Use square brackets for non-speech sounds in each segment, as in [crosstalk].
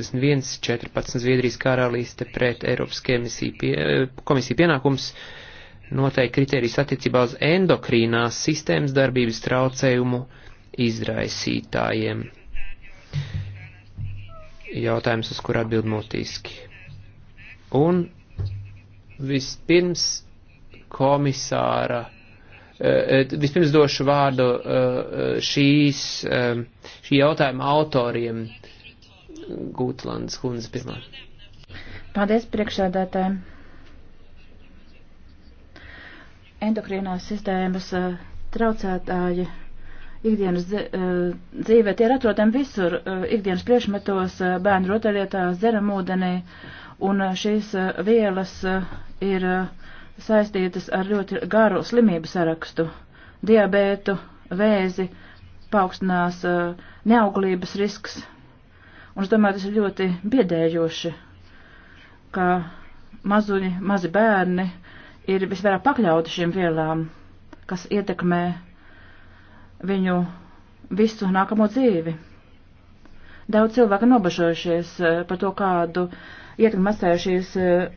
21, 14 Zviedrijas karalīste pret Eiropas pie, eh, komisiju pienākums noteikti kriterijas attiecībā uz endokrīnās sistēmas darbības traucējumu izraisītājiem. Jautājums, uz kur atbild motīski. Un vispirms komisāra, eh, eh, vispirms došu vārdu šīs, šī jautājuma autoriem Gūtlandes kundze pirmā. Paldies priekšādātājiem. Endokrinās sistēmas traucētāji ikdienas dzīvē tie ir atrodami visur, ikdienas priekšmetos, bērnu rotaļlietās, dzeramūdenī, un šīs vielas ir saistītas ar ļoti garu slimību sarakstu - diabētu, vēzi, paaugstinās neauglības risks, Un es domāju, tas ir ļoti biedējoši, ka mazuļi, mazi bērni ir visvairāk pakļauti šiem vielām, kas ietekmē viņu visu nākamo dzīvi. Daudz cilvēku nobažojušies eh, par to, kādu ietekmi atstājušies eh,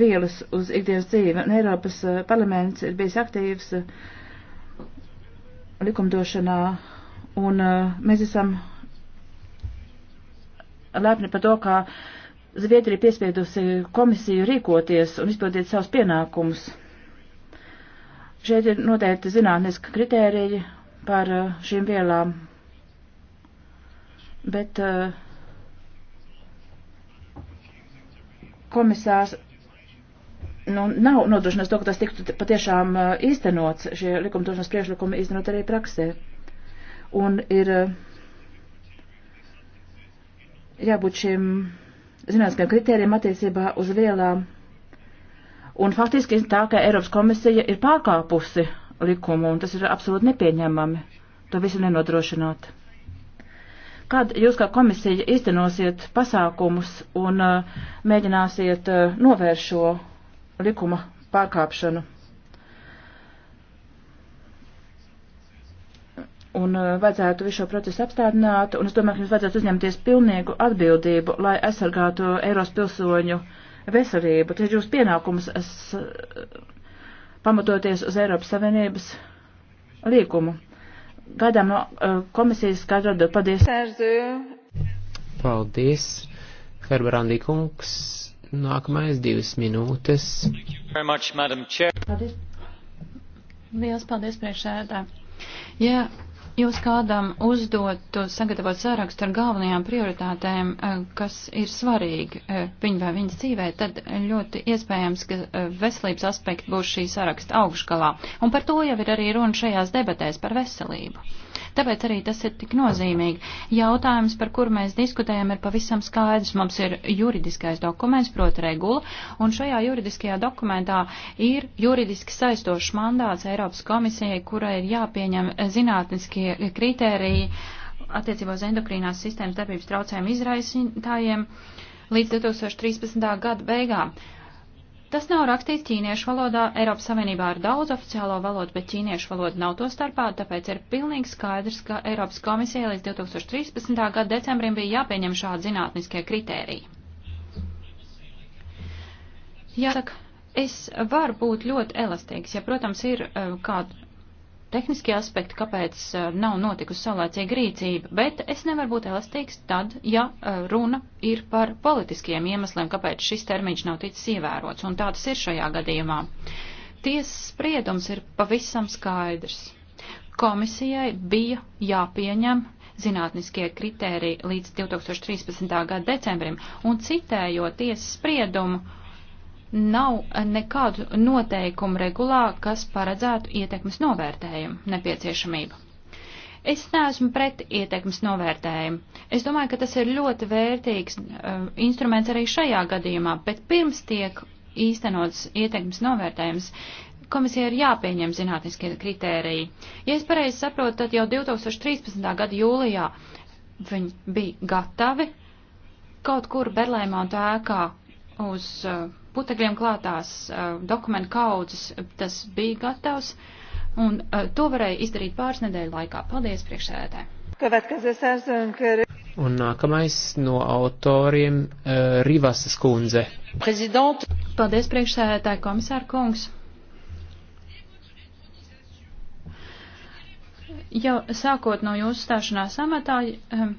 vielas uz ikdienas dzīvi, un Eiropas eh, parlaments ir bijis aktīvs likumdošanā, un mēs esam lepni par to, ka Zviedrija piespiedusi komisiju rīkoties un izpildīt savus pienākumus. Šeit ir noteikti zinātniska kritērija par eh, šīm vielām, bet eh, komisārs nu, nav nodrošinājis to, ka tas tiktu patiešām eh, īstenots, šie likumdošanas priekšlikumi īstenot arī praksē. Un ir uh, jābūt šiem zinātniskiem kritērijiem attiecībā uz vielām. Un faktiski tā, ka Eiropas komisija ir pārkāpusi likumu, un tas ir absolūti nepieņemami. To visu nenodrošināt. Kad jūs kā komisija īstenosiet pasākumus un uh, mēģināsiet uh, novērst šo likuma pārkāpšanu? un eh, vajadzētu visu šo procesu apstādināt, un es domāju, ka jums vajadzētu uzņemties pilnīgu atbildību, lai aizsargātu Eiros pilsoņu veselību. Tas ir jūsu pienākums es, eh, pamatoties uz Eiropas Savienības līkumu. Gaidām no eh, komisijas skaidru atbildi. Paldies! Paldies! Herberandī kungs, nākamais divas minūtes. Much, Paldies! Liels paldies priekšsēdētāji. Ja jūs kādam uzdotu sagatavot sārakstu ar galvenajām prioritātēm, eh, kas ir svarīgi eh, viņa vai viņas dzīvē, tad ļoti iespējams, ka eh, veselības aspekti būs šī sāraksta augšgalā. Un par to jau ir arī runa šajās debatēs par veselību. Tāpēc arī tas ir tik nozīmīgi. Jautājums, par kuru mēs diskutējam, ir pavisam skaidrs. Mums ir juridiskais dokuments, proti regula, un šajā juridiskajā dokumentā ir juridiski saistošs mandāts Eiropas komisijai, kurai ir jāpieņem zinātniskie kritēriji attiecībā uz endokrīnās sistēmas darbības traucējumu izraisītājiem līdz 2013. gada beigām. Tas nav rakstīts ķīniešu valodā. Eiropas Savienībā ir daudz oficiālo valodu, bet ķīniešu valoda nav to starpā, tāpēc ir pilnīgi skaidrs, ka Eiropas komisija līdz 2013. gada decembrim bija jāpieņem šādi zinātniskie kritēriji. Jāsaka, es varu būt ļoti elastīgs, ja, protams, ir eh, kāda tehniskie aspekti, kāpēc eh, nav notikusi saulēcīga rīcība, bet es nevaru būt elastīgs tad, ja eh, runa ir par politiskiem iemesliem, kāpēc šis termiņš nav ticis ievērots, un tāds ir šajā gadījumā. Tiesas spriedums ir pavisam skaidrs. Komisijai bija jāpieņem zinātniskie kritēriji līdz 2013. gada decembrim, un citējot tiesas spriedumu, uh, nav nekādu noteikumu regulā, kas paredzētu ietekmes novērtējumu nepieciešamību. Es neesmu pret ietekmes novērtējumu. Es domāju, ka tas ir ļoti vērtīgs uh, instruments arī šajā gadījumā, bet pirms tiek īstenots ietekmes novērtējums, komisija ir jāpieņem zinātniskie kritēriji. Ja es pareizi saprotu, tad jau 2013. gada jūlijā viņi bija gatavi kaut kur Berlēmā un tā ēkā uz uh, putekļiem klātās eh, dokumentu kaudzes, tas bija gatavs, un eh, to varēja izdarīt pāris nedēļu laikā. Paldies, priekšsēdētāji! Eh, un nākamais no autoriem uh, Rivasas kundze. Prezident. Paldies, priekšsēdētāji komisāra kungs! Jau sākot no jūsu stāšanās amatā, um,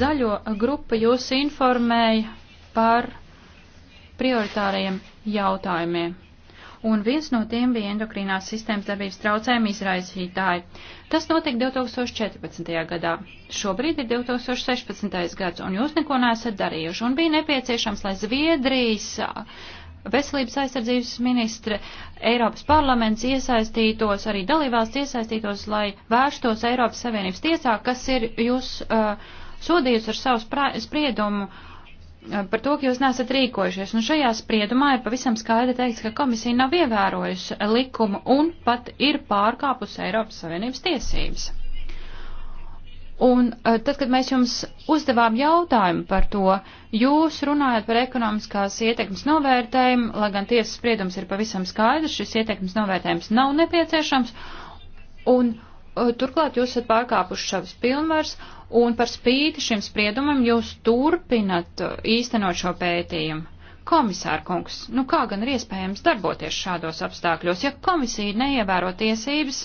zaļo grupa jūs informēja par prioritārajiem jautājumiem. Un viens no tiem bija endokrīnās sistēmas darbības traucējumi izraisītāji. Tas notika 2014. gadā. Šobrīd ir 2016. gads, un jūs neko neesat darījuši. Un bija nepieciešams, lai Zviedrijas veselības aizsardzības ministre, Eiropas parlaments iesaistītos, arī dalībvalsts iesaistītos, lai vērstos Eiropas Savienības tiesā, kas ir jūs uh, sodījusi ar savu spriedumu par to, ka jūs nesat rīkojušies. Un šajā spriedumā ir pavisam skaidri teikts, ka komisija nav ievērojusi likumu un pat ir pārkāpusi Eiropas Savienības tiesības. Un e, tad, kad mēs jums uzdevām jautājumu par to, jūs runājat par ekonomiskās ietekmes novērtējumu, lai gan tiesas spriedums ir pavisam skaidrs, šis ietekmes novērtējums nav nepieciešams. Un, uh, Eh, turklāt jūs esat pārkāpuši savas pilnvars, un par spīti šim spriedumam jūs turpinat eh, īstenot šo pētījumu. Komisāra kungs, nu kā gan ir iespējams darboties šādos apstākļos, ja komisija neievēro tiesības,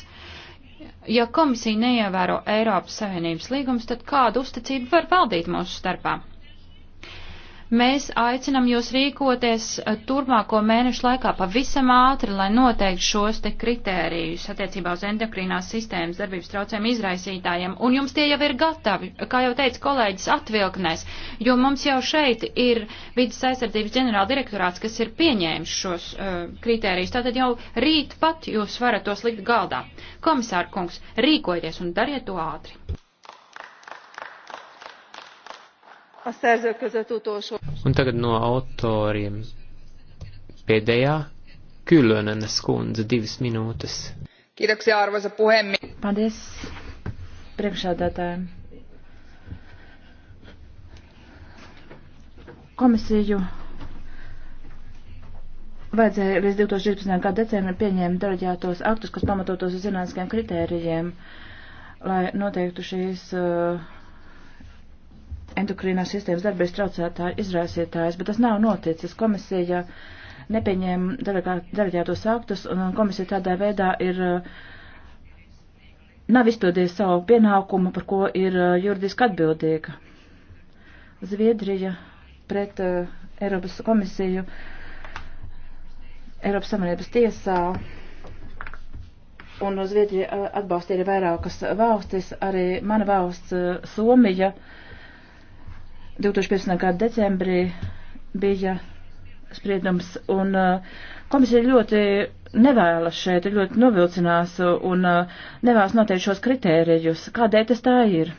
ja komisija neievēro Eiropas Savienības līgums, tad kādu uzticību var valdīt mūsu starpā? Mēs aicinam jūs rīkoties eh, turpmāko mēnešu laikā pavisam ātri, lai noteikti šos te kritērijus attiecībā uz endokrīnās sistēmas darbības traucējumu izraisītājiem. Un jums tie jau ir gatavi, kā jau teica kolēģis, atvilknēs, jo mums jau šeit ir vidas aizsardzības ģenerāldirektorāts, kas ir pieņēmis šos uh, kritērijus. Tātad jau rīt pat jūs varat tos likt galdā. Komisāra kungs, rīkojieties un dariet to ātri. a szerzők között utolsó. Un tagad no autoriem pēdējā Kylönenes kundze divas minūtes. Kiitoksia arvoisa puhemies. Paldies priekšādātājiem. Komisiju vajadzēja līdz 2012. gada decembrim pieņēma deleģētos aktus, kas pamatotos uz zinātniskiem kritērijiem, lai noteiktu šīs uh, endokrīnās sistēmas darbības traucētāji izraisītājs, bet tas nav noticis. Komisija nepieņēma deleģētos aktus, un komisija tādā veidā ir eh, nav izpildījusi savu pienākumu, par ko ir eh, juridiski atbildīga. Zviedrija pret uh, Eiropas komisiju, Eiropas Savienības tiesā, un Zviedrija atbalstīja vairākas valstis, arī mana valsts uh, Somija. Uh, 2015. gada decembrī bija spriedums, un uh, komisija ļoti nevēlas šeit, ļoti novilcinās un uh, nevēlas noteikt šos kritērijus. Kādēļ tas tā ir?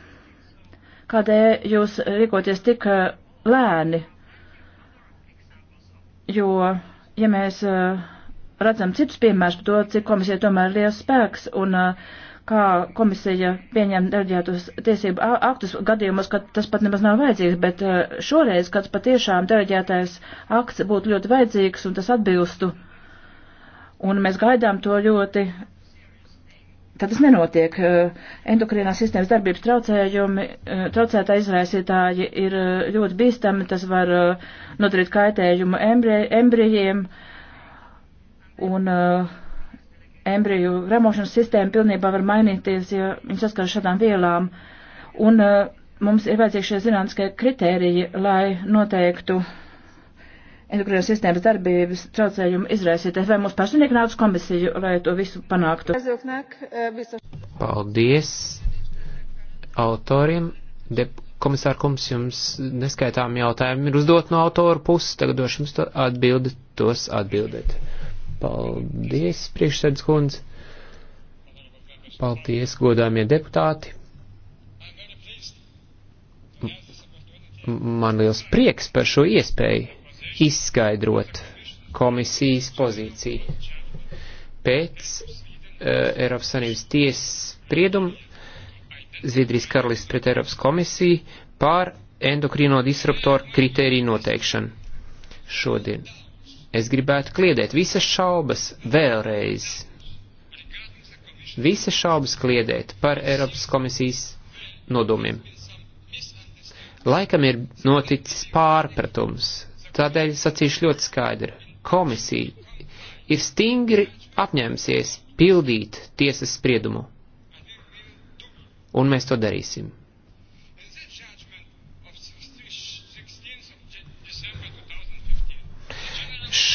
Kādēļ jūs rīkoties tik uh, lēni? Jo, ja mēs redzam citus piemērus par to, cik komisija tomēr ir liels spēks un uh, kā komisija pieņem deleģētos tiesību aktus gadījumos, kad tas pat nemaz nav vajadzīgs, bet eh, šoreiz, kad patiešām deleģētais akts būtu ļoti vajadzīgs un tas atbilstu, un mēs gaidām to ļoti, tad tas nenotiek. Eh, endokrinās sistēmas darbības traucējumi, eh, traucētā izraisītāji ir ļoti bīstami, tas var nodarīt kaitējumu embrijiem, un uh, embriju ramošanas sistēma pilnībā var mainīties, ja viņi saskar šādām vielām. Un uh, mums ir vajadzīgi šie zinātniskie kritēriji, lai noteiktu endokrinās sistēmas darbības traucējumu izraisīt. Vai mums personīgi nāca komisiju, lai to visu panāktu? Paldies autoriem. Dep komisār kungs, jums neskaitām jautājumi ir uzdot no autoru puses, tagad došu jums to atbildi, tos atbildēt. Paldies, priekšsēdus kundze. Paldies, godāmie deputāti. Man liels prieks par šo iespēju izskaidrot komisijas pozīciju. Pēc uh, Eiropas Sanības tiesas sprieduma Zviedrijas karalists pret Eiropas komisiju pār endokrino disruptoru kritēriju noteikšanu šodien. Es gribētu kliedēt visas šaubas vēlreiz. Visas šaubas kliedēt par Eiropas komisijas nodomiem. Laikam ir noticis pārpratums, tādēļ sacīšu ļoti skaidri. Komisija ir stingri apņēmusies pildīt tiesas spriedumu. Un mēs to darīsim.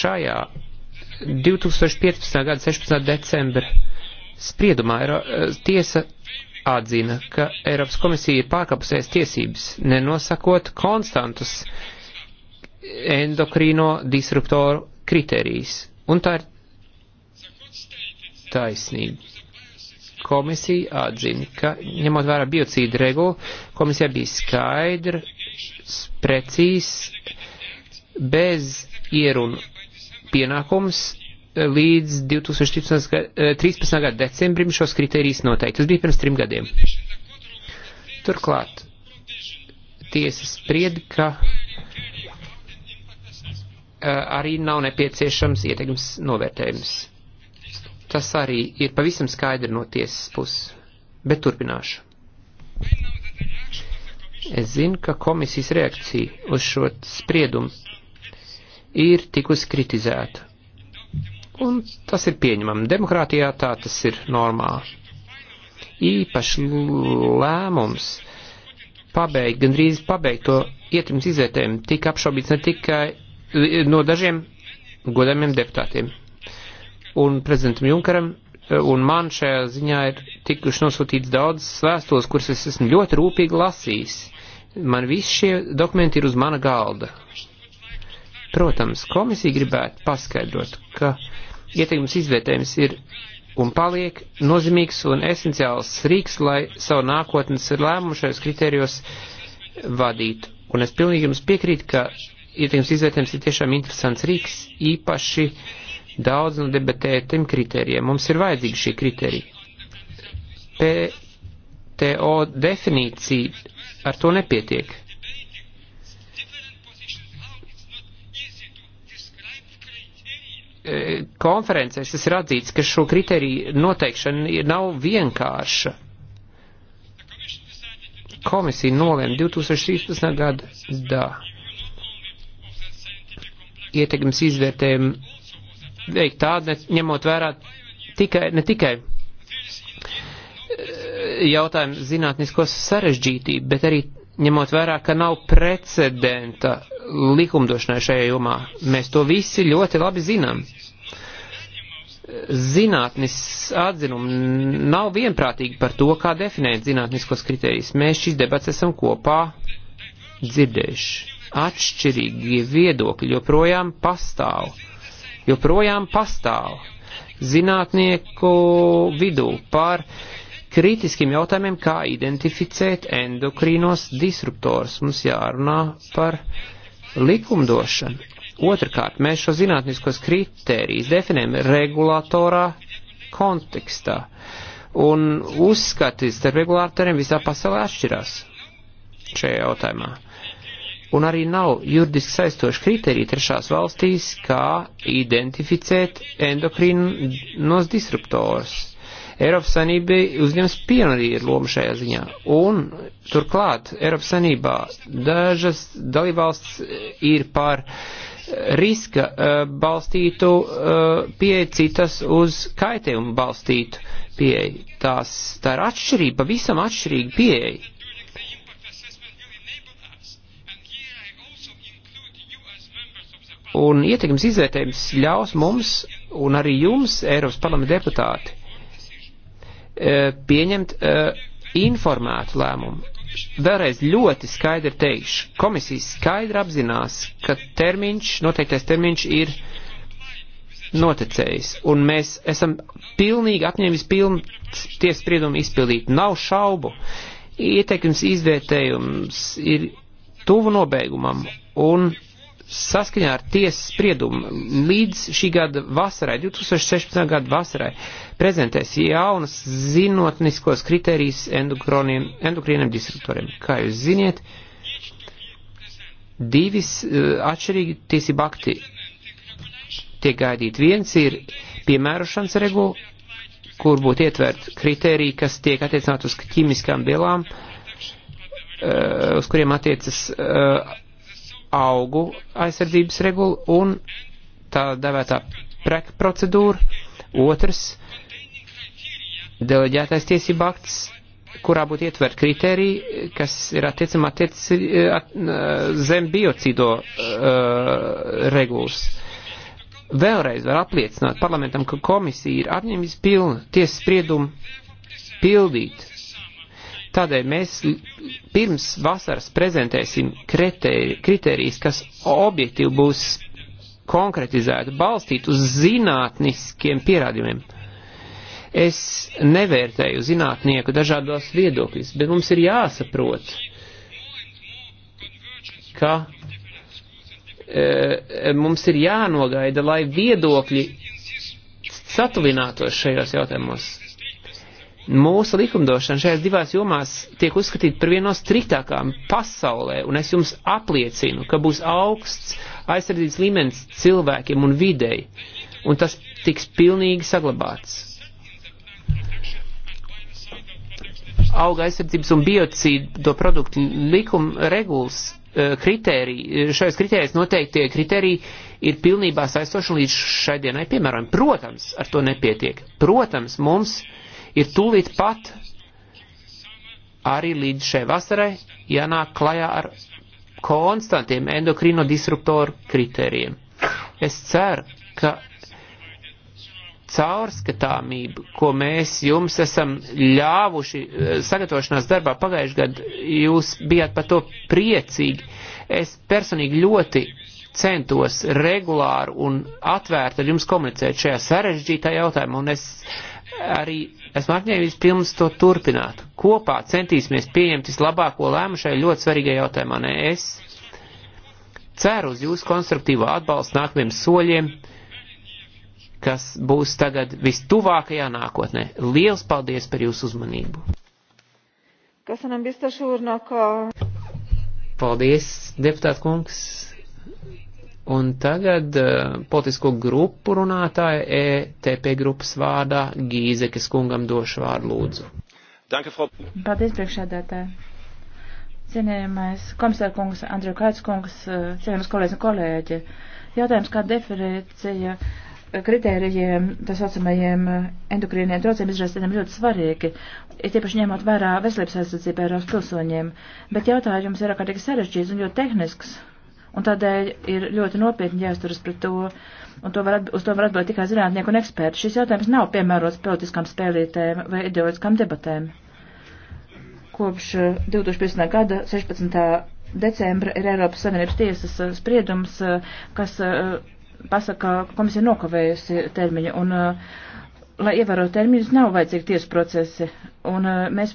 Šajā 2015. gada 16. decembra spriedumā eh, tiesa atzina, ka Eiropas komisija ir pārkāpusies tiesības, nenosakot konstantus endokrīno disruptoru kriterijus. Un tā ir taisnība. Komisija atzina, ka ņemot vērā biocīdu regulu, komisija bija skaidrs, precīzs, bez ierunu pienākums e, līdz 2013. E, gada decembrim šos kriterijus noteikt. Tas bija pirms trim gadiem. Turklāt tiesa spried, ka e, arī nav nepieciešams ietekmes novērtējums. Tas arī ir pavisam skaidri no tiesas puses, bet turpināšu. Es zinu, ka komisijas reakcija uz šo spriedumu ir tikusi kritizēta. Un tas ir pieņemami. Demokrātijā tā tas ir normāli. Īpaši lēmums pabeigt, gandrīz pabeigt to ietrims izvērtējumu tika apšaubīts ne tikai eh, no dažiem godamiem deputātiem. Un prezidentam Junkaram eh, un man šajā ziņā ir tikuši nosūtīts daudz vēstules, kuras es esmu ļoti rūpīgi lasījis. Man visi šie dokumenti ir uz mana galda. Protams, komisija gribētu paskaidrot, ka ietekmes izvērtējums ir un paliek nozīmīgs un esenciāls rīks, lai savu nākotnes lēmumu šajos kritērijos vadītu. Un es pilnīgi jums piekrītu, ka ietekmes izvērtējums ir tiešām interesants rīks, īpaši daudz no debatētiem kritērijiem. Mums ir vajadzīgi šī kritērija. PTO definīcija ar to nepietiek E, konferencēs tas ir atzīts, ka šo kriteriju noteikšana nav vienkārša. Komisija nolēma 2016. gada dā ietekmes izvērtējumu veikt tādu, ņemot vērā tikai, ne tikai e, jautājumu zinātniskos sarežģītību, bet arī ņemot vērā, ka nav precedenta likumdošanai šajā jomā. Mēs to visi ļoti labi zinām zinātnis atzinumi nav vienprātīgi par to, kā definēt zinātniskos kriterijus. Mēs šīs debats esam kopā dzirdējuši. Atšķirīgie viedokļi joprojām pastāv. Joprojām pastāv zinātnieku vidū par kritiskiem jautājumiem, kā identificēt endokrīnos disruptors. Mums jārunā par likumdošanu Otrakārt, mēs šo zinātniskos kritērijus definējam regulatorā kontekstā, un uzskatis ar regulātoriem visā pasaulē atšķirās šajā jautājumā. Un arī nav juridiski saistoši kriteriji trešās valstīs, kā identificēt endokrīnos disruptors. Eiropas Sanība uzņems pionīru lomu šajā ziņā. Un turklāt Eiropas Sanībā dažas dalībvalsts ir pār uh, riska eh, balstītu eh, pieeja, citas uz kaitējumu balstītu pieeja. Tās, tā ir atšķirība, pavisam atšķirīga pieeja. Un ietekmes izvērtējums ļaus mums un arī jums, Eiropas parlamenta deputāti, eh, pieņemt informētu lēmumu vēlreiz ļoti skaidri teikšu, komisija skaidri apzinās, ka termiņš, noteiktais termiņš ir noticējis, un mēs esam pilnīgi apņēmis pilnu tiespriedumu izpildīt. Nav šaubu. Ieteikums izvērtējums ir tuvu nobeigumam, un Saskaņā ar tiesas spriedumu līdz šī gada vasarai, 2016. gada vasarai, prezentēs jaunas zinotniskos kritērijas endokrīniem disruptoriem. Kā jūs ziniet, divis uh, eh, atšķirīgi tiesību akti tiek gaidīt. Viens ir piemērošanas regula, kur būtu ietvert kriteriji, kas tiek attiecināt uz ķīmiskām vielām, uh, uz kuriem attiecas uh, augu aizsardzības regula un tā devētā preka procedūra. Otrs - deleģētais tiesība akts, kurā būtu ietver kriteriji, kas ir attiecamā attiec, at, zem biocīdo uh, regulas. Vēlreiz var apliecināt parlamentam, ka komisija ir apņēmis pilna tiesas spriedumu pildīt Tādēļ mēs pirms vasaras prezentēsim kriterijus, kas objektīvi būs konkretizēti, balstīti uz zinātniskiem pierādījumiem. Es nevērtēju zinātnieku dažādos viedokļus, bet mums ir jāsaprot, ka e, mums ir jānogaida, lai viedokļi satuvinātos šajos jautājumos. Mūsu likumdošana šajās divās jomās tiek uzskatīta par vienu no striktākām pasaulē, un es jums apliecinu, ka būs augsts aizsardzības līmenis cilvēkiem un videi, un tas tiks pilnīgi saglabāts. Auga aizsardzības un biocīdo produktu likuma regulas e, kritēriji, e, šajos kritērijos noteiktie kritēriji ir pilnībā saistoši līdz šai dienai piemērojami. Protams, ar to nepietiek. Protams, mums ir tūlīt pat arī līdz šai vasarai jānāk klajā ar konstantiem endokrino disruptoru kritērijiem. Es ceru, ka caurskatāmību, ko mēs jums esam ļāvuši eh, sagatavošanās darbā pagājušajā gadā, jūs bijāt par to priecīgi. Es personīgi ļoti centos regulāri un atvērti ar jums komunicēt šajā sarežģītā jautājumā, un es arī esmu apņēmības pilns to turpināt. Kopā centīsimies pieņemt vislabāko lēmu šai ļoti svarīgai jautājumā. Ne es ceru uz jūsu konstruktīvo atbalstu nākamajiem soļiem, kas būs tagad vistuvākajā nākotnē. Liels paldies par jūsu uzmanību! Köszönöm biztos úrnak a... Paldies, deputāt kungs. Un tagad uh, politisko grupu runātāja ETP grupas vārdā Gīzekas kungam došu vārdu lūdzu. Paldies, priekšādātāji. Cienījamais komisāra kungs Andrija Kaits kungs, eh, cienījamais kolēģis un kolēģi. Jautājums, kā definīcija kritērijiem, tā saucamajiem eh, endokrīniem traucējiem izraisītiem ļoti svarīgi, ir tiepaši ņemot vērā veselības aizsardzību Eiropas pilsoņiem, bet jautājums ir ārkārtīgi sarežģīts un ļoti tehnisks Un tādēļ ir ļoti nopietni jāizturas pret to, un to var uz to var atbildēt tikai zinātnieku un eksperti. Šis jautājums nav piemērots politiskām spēlītēm vai ideoloģiskām debatēm. Kopš 2015. Eh, gada 16. decembra ir Eiropas Savienības tiesas eh, spriedums, eh, kas pasaka, ka komisija nokavējusi termiņu. Un, uh, lai ievērotu termīnus, nav vajadzīgi tiesu procesi. Un uh, mēs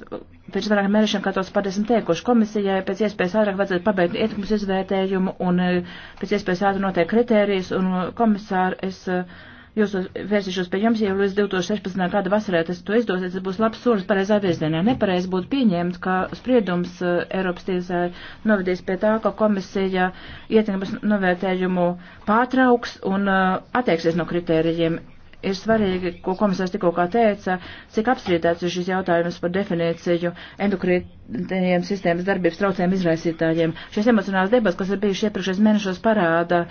pēc vairākiem mēnešiem, kā tos pārdesmit teikuši komisijai, pēc iespējas ātrāk vajadzētu pabeigt ietekmes izvērtējumu un uh, pēc iespējas ātrāk noteikt kritērijas. Un uh, eh, komisāri, es uh, jūs vērsīšos pie jums, ja līdz 2016. gada vasarē tas to izdosies, tas būs labs solis pareizā virzienā. Nepareiz būtu pieņēmt, ka spriedums uh, Eiropas tiesā novedīs pie tā, ka komisija ietekmes novērtējumu pārtrauks un uh, attieksies no kritērijiem ir svarīgi, ko komisārs tikko teica, cik apstrīdēts ir šis jautājums par definīciju endokrītiem sistēmas darbības traucējumu izraisītājiem. Šīs emocionālās debas, kas ir bijušas iepriekšējos mēnešos, parāda,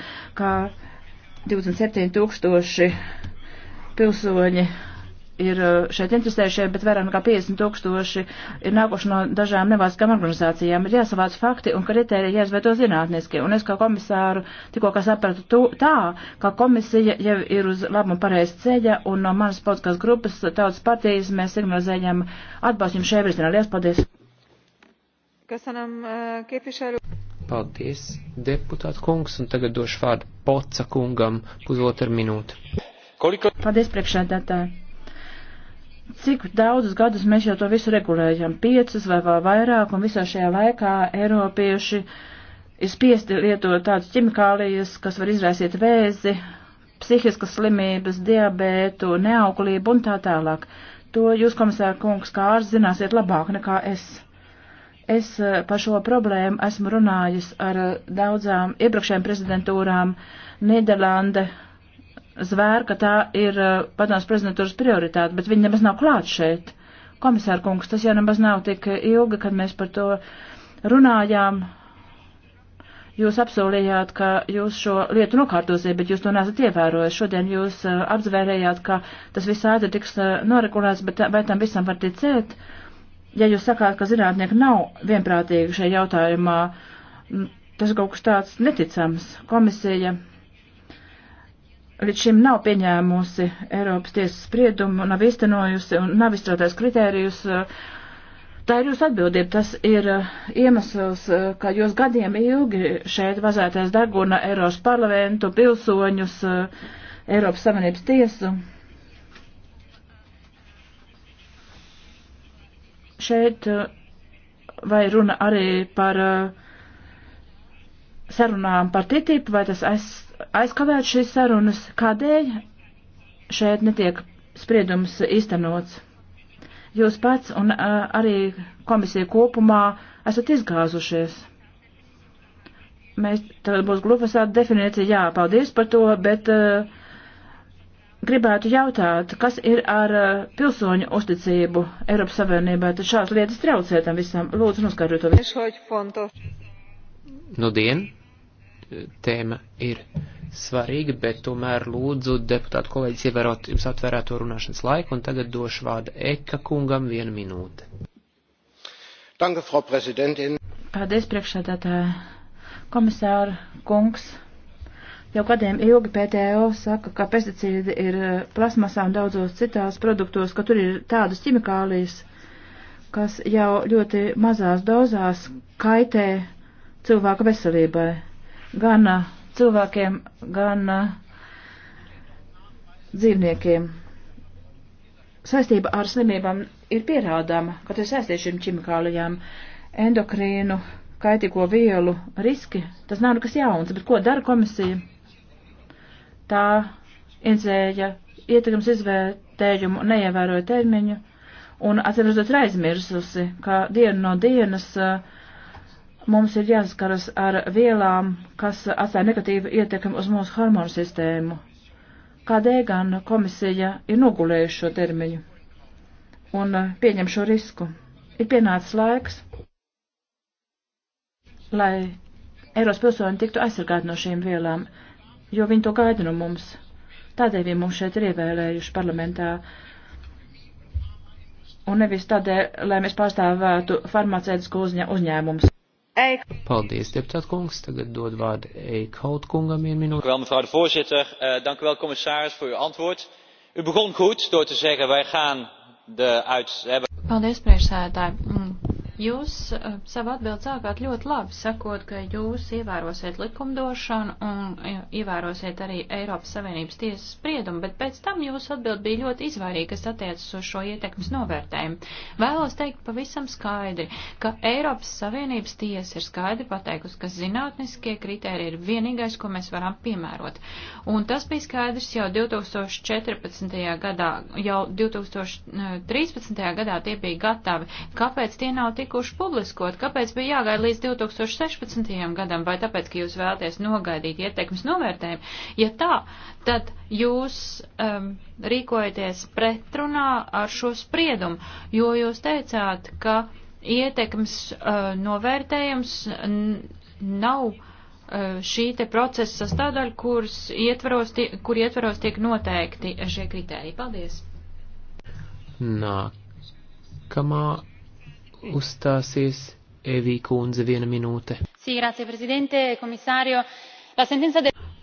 ka 27 tūkstoši pilsoņi ir uh, šeit interesējušie, bet vairāk nekā 50 tūkstoši ir nākuši no dažām nevalstiskām organizācijām. Ir jāsavāc fakti un kriteriji jāizveido zinātniski. Un es kā komisāru tikko kā sapratu to, tā, ka komisija jau ir uz labu un pareizu ceļa, un no manas politiskās grupas tautas partijas mēs signalizējam atbalstu jums šajā virzienā. Lielas paldies! Köszönöm uh, képviselő. Paldies, deputāt kungs, un tagad došu vārdu Poca kungam pusotru minūti. Paldies, priekšsēdētāji. Cik daudzus gadus mēs jau to visu regulējam? Piecus vai vēl vairāk, un visā šajā laikā Eiropieši ir spiesti lietot tādas ķimikālijas, kas var izraisīt vēzi, psihiskas slimības, diabētu, neauglību un tā tālāk. To jūs, komisāra kungs, kā ārs zināsiet labāk nekā es. Es eh, par šo problēmu esmu runājis ar eh, daudzām iepriekšējām prezidentūrām Nīderlande, zvēru, ka tā ir eh, padomas prezidentūras prioritāte, bet viņi nemaz nav klāt šeit. Komisāra kungs, tas jau nemaz nav tik ilgi, kad mēs par to runājām. Jūs apsolījāt, ka jūs šo lietu nokārtosiet, bet jūs to nesat ievērojis. Šodien jūs eh, apzvērējāt, ka tas viss ātri tiks eh, noregulēts, bet vai tam visam var ticēt? Ja jūs sakāt, ka zinātnieki nav vienprātīgi šajā jautājumā, mm, tas kaut kas tāds neticams. Komisija līdz šim nav pieņēmusi Eiropas tiesas spriedumu, nav iztenojusi un nav izstrādājusi kritērijus. Tā ir jūsu atbildība, tas ir uh, iemesls, uh, ka jūs gadiem ilgi šeit vazēties deguna Eiropas parlamentu, pilsoņus, uh, Eiropas Savienības tiesu. Šeit vai runa arī par sarunām par TTIP, vai tas aizstāv aizkavēt šīs sarunas, kādēļ šeit netiek spriedums īstenots. Jūs pats un uh, arī komisija kopumā esat izgāzušies. Mēs tagad būs glufasāta definīcija, jā, paldies par to, bet uh, gribētu jautāt, kas ir ar uh, pilsoņu uzticību Eiropas Savienībā, tad šādas lietas traucē tam visam. Lūdzu, noskaidrot to visu. Nu, dien tēma ir svarīga, bet tomēr lūdzu deputātu kolēģis ievērot jums atvērēto runāšanas laiku, un tagad došu vārdu Eka kungam vienu minūti. Danke, Frau Präsidentin. Paldies, priekšsēdētāja. Komisāra kungs. Jau gadiem ilgi PTO saka, ka pesticīdi ir eh, plasmasā un daudzos citās produktos, ka tur ir tādas ķimikālijas, kas jau ļoti mazās dozās kaitē cilvēka veselībai gan cilvēkiem, gan dzīvniekiem. Saistība ar slimībām ir pierādāma, ka tie saistīti šīm ķimikālijām, endokrīnu, kaitīgo vielu riski. Tas nav nekas jauns, bet ko dara komisija? Tā inicēja ietekmes izvērtējumu, neievēroja termiņu un atceros, aizmirsusi, ka dienu no dienas uh, mums ir jāsaskaras ar vielām, kas atstāja negatīvu ietekmi uz mūsu hormonu sistēmu. Kādēļ gan komisija ir nogulējuši šo termiņu un pieņem šo risku? Ir pienācis laiks, lai Eiros pilsoņi tiktu aizsargāti no šīm vielām, jo viņi to gaida no mums. Tādēļ viņi mums šeit ir ievēlējuši parlamentā. Un nevis tādēļ, lai mēs pārstāvētu farmacētisku uzņēmumus. Paldies, deputāt kungs. Tagad dod vārdu Eikhaut kungam vienu minūti. Dank u wel, mevrouw de voorzitter. Uh, dank u wel, commissaris, voor uw antwoord. U begon goed door te zeggen, wij gaan de uit... Paldies, priekšsēdētāji. Mm Jūs eh, savu atbildi sākāt ļoti labi, sakot, ka jūs ievērosiet likumdošanu un eh, ievērosiet arī Eiropas Savienības tiesas spriedumu, bet pēc tam jūsu atbildi bija ļoti izvairīga, kas attiecas uz šo ietekmes novērtējumu. Vēlos teikt pavisam skaidri, ka Eiropas Savienības tiesa ir skaidri pateikusi, ka zinātniskie kritēri ir vienīgais, ko mēs varam piemērot. Un tas bija skaidrs jau 2014. gadā, jau 2013. gadā tie bija gatavi. Kāpēc tie nav tik netikuši publiskot. Kāpēc bija jāgaida līdz 2016. gadam, vai tāpēc, ka jūs vēlaties nogaidīt ieteikums novērtējumu? Ja tā, tad jūs um, rīkojaties pretrunā ar šo spriedumu, jo jūs teicāt, ka ietekmes uh, novērtējums nav uh, šī te procesa sastāvdaļa, kuras ietvaros, tie, kur ietvaros tiek noteikti šie kritēriji. Paldies! Nākamā uzstāsies Evī Kūndze viena minūte. Sī, grācija, prezidente, komisārio.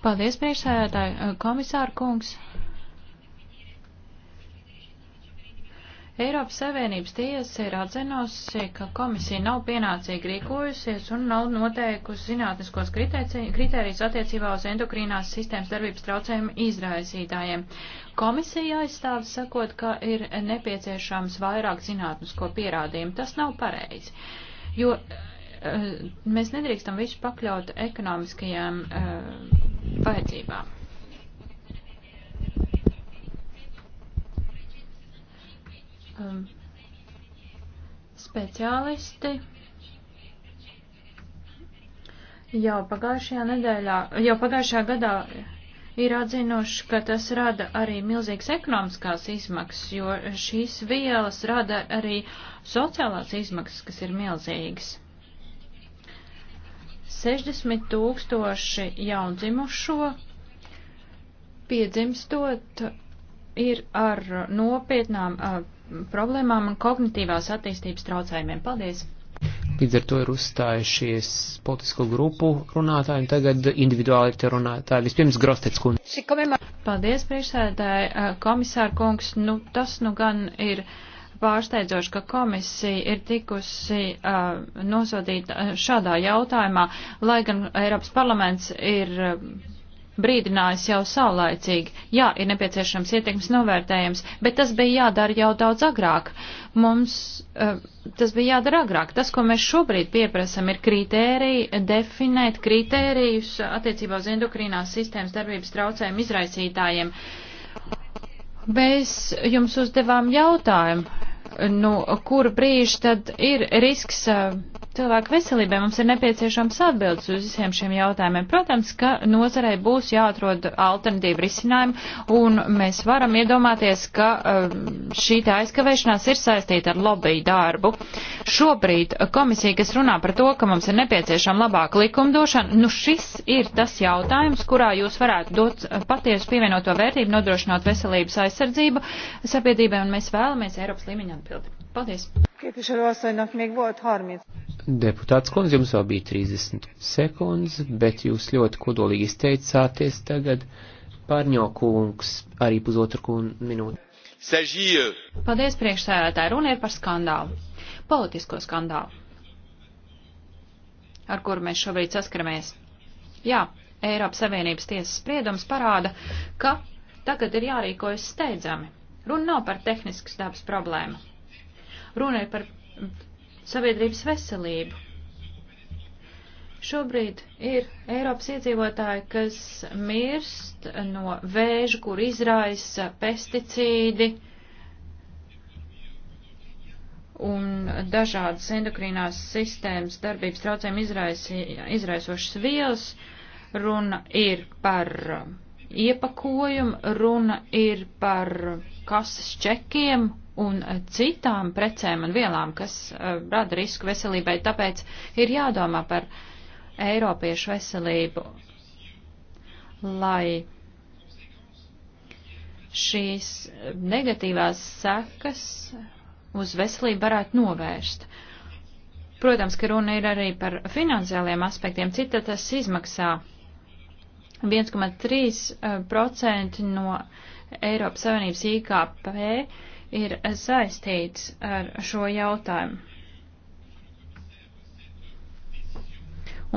Paldies, priekšsēdētāji, komisāra kungs. Eiropas Savienības tiesa ir atzinusi, ka komisija nav pienācīgi rīkojusies un nav noteikusi zinātniskos kritērijus attiecībā uz endokrīnās sistēmas darbības traucējumu izraisītājiem. Komisija aizstāv sakot, ka ir nepieciešams vairāk zinātnisko pierādījumu. Tas nav pareizi, jo eh, mēs nedrīkstam visu pakļaut ekonomiskajām uh, vajadzībām. um, speciālisti jau pagājušajā nedēļā, jau pagājušajā gadā ir atzinuši, ka tas rada arī milzīgas ekonomiskās izmaksas, jo šīs vielas rada arī sociālās izmaksas, kas ir milzīgas. 60 tūkstoši jaundzimušo piedzimstot ir ar nopietnām uh, problēmām un kognitīvās attīstības traucējumiem. Paldies! Līdz ar to ir uzstājušies politisko grupu runātāji un tagad individuāli te runātāji. Vispirms Grostets kundze. Paldies, priekšsēdētāji, komisāra kungs. Nu, tas nu gan ir pārsteidzoši, ka komisija ir tikusi uh, nosodīta šādā jautājumā, lai gan Eiropas parlaments ir. Uh, brīdinājis jau saulaicīgi. Jā, ir nepieciešams ietekmes novērtējums, bet tas bija jādara jau daudz agrāk. Mums uh, tas bija jādara agrāk. Tas, ko mēs šobrīd pieprasam, ir kritēriji, definēt kritērijus attiecībā uz endokrīnās sistēmas darbības traucējumu izraisītājiem. Mēs jums uzdevām jautājumu, nu, kur brīži tad ir risks. Uh, cilvēku veselībai mums ir nepieciešams atbildes uz visiem šiem jautājumiem. Protams, ka nozarei būs jāatrod alternatīva risinājuma, un mēs varam iedomāties, ka um, šī tā aizkavēšanās ir saistīta ar lobby darbu. Šobrīd komisija, kas runā par to, ka mums ir nepieciešama labāka likumdošana, nu šis ir tas jautājums, kurā jūs varētu dot patiesu pievienoto vērtību, nodrošinot veselības aizsardzību sabiedrībai, un mēs vēlamies Eiropas līmeņa atbildi. Paldies! Képviselő asszonynak még volt 30. Deputāts kundze, jums vēl bija 30 sekundes, bet jūs ļoti kodolīgi izteicāties tagad. Pārņo kungs, arī pusotru minūti. Paldies, priekšsēdētāji. Runa ir par skandālu. Politisko skandālu. Ar kuru mēs šobrīd saskaramies. Jā, Eiropas Savienības tiesas spriedums parāda, ka tagad ir jārīkojas steidzami. Runa nav par tehniskas dabas problēmu. Runa ir par sabiedrības veselību. Šobrīd ir Eiropas iedzīvotāji, kas mirst no vēža, kur izraisa pesticīdi un dažādas endokrīnās sistēmas darbības traucēm izraisi, izraisošas vielas. Runa ir par iepakojumu, runa ir par kases čekiem un eh, citām precēm un vielām, kas eh, rada risku veselībai. Tāpēc ir jādomā par Eiropiešu veselību, lai šīs negatīvās sekas uz veselību varētu novērst. Protams, ka runa ir arī par finansiāliem aspektiem, cik tas izmaksā 1,3% eh, no Eiropas Savienības IKP ir saistīts ar šo jautājumu.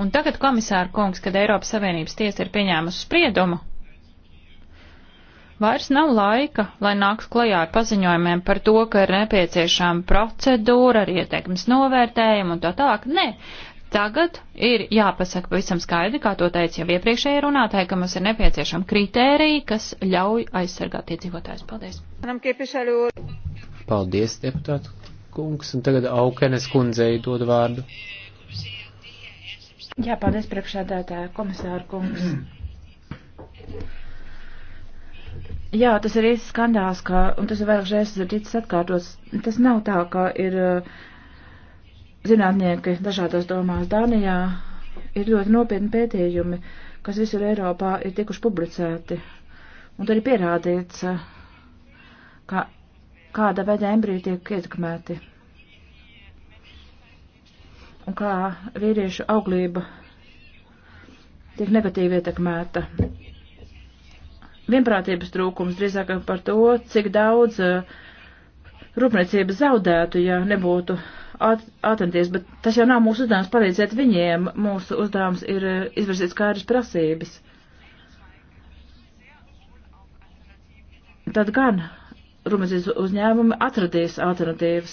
Un tagad, komisāra kungs, kad Eiropas Savienības tiesa ir pieņēmusi spriedumu, vairs nav laika, lai nāks klajā ar paziņojumiem par to, ka ir nepieciešama procedūra ar ieteikums novērtējumu un tā tālāk. Nē, Tagad ir jāpasaka pavisam skaidri, kā to teica jau iepriekšējie runātāji, ka mums ir nepieciešama kritērija, kas ļauj aizsargāt iedzīvotājus. Paldies! Paldies, deputāt kungs, un tagad Aukenes kundzei dod vārdu. Jā, paldies priekšādātāja komisāra kungs. Jā, tas ir īsts skandāls, ka, un tas ir vairāk reizes ir ticis atkārtots, tas nav tā, ka ir uh, zinātnieki dažādās domās Dānijā ir ļoti nopietni pētījumi, kas visur Eiropā ir tikuši publicēti. Un tur ir pierādīts, ka kāda veida embriju tiek ietekmēti. Un kā vīriešu auglība tiek negatīvi ietekmēta. Vienprātības trūkums drīzāk par to, cik daudz eh, rūpniecības zaudētu, ja nebūtu at atradies, bet tas jau nav mūsu uzdevums palīdzēt viņiem. Mūsu uzdevums ir eh, izvirzīt skaidras prasības. Tad gan Rumēzijas uzņēmumi atradīs alternatīvas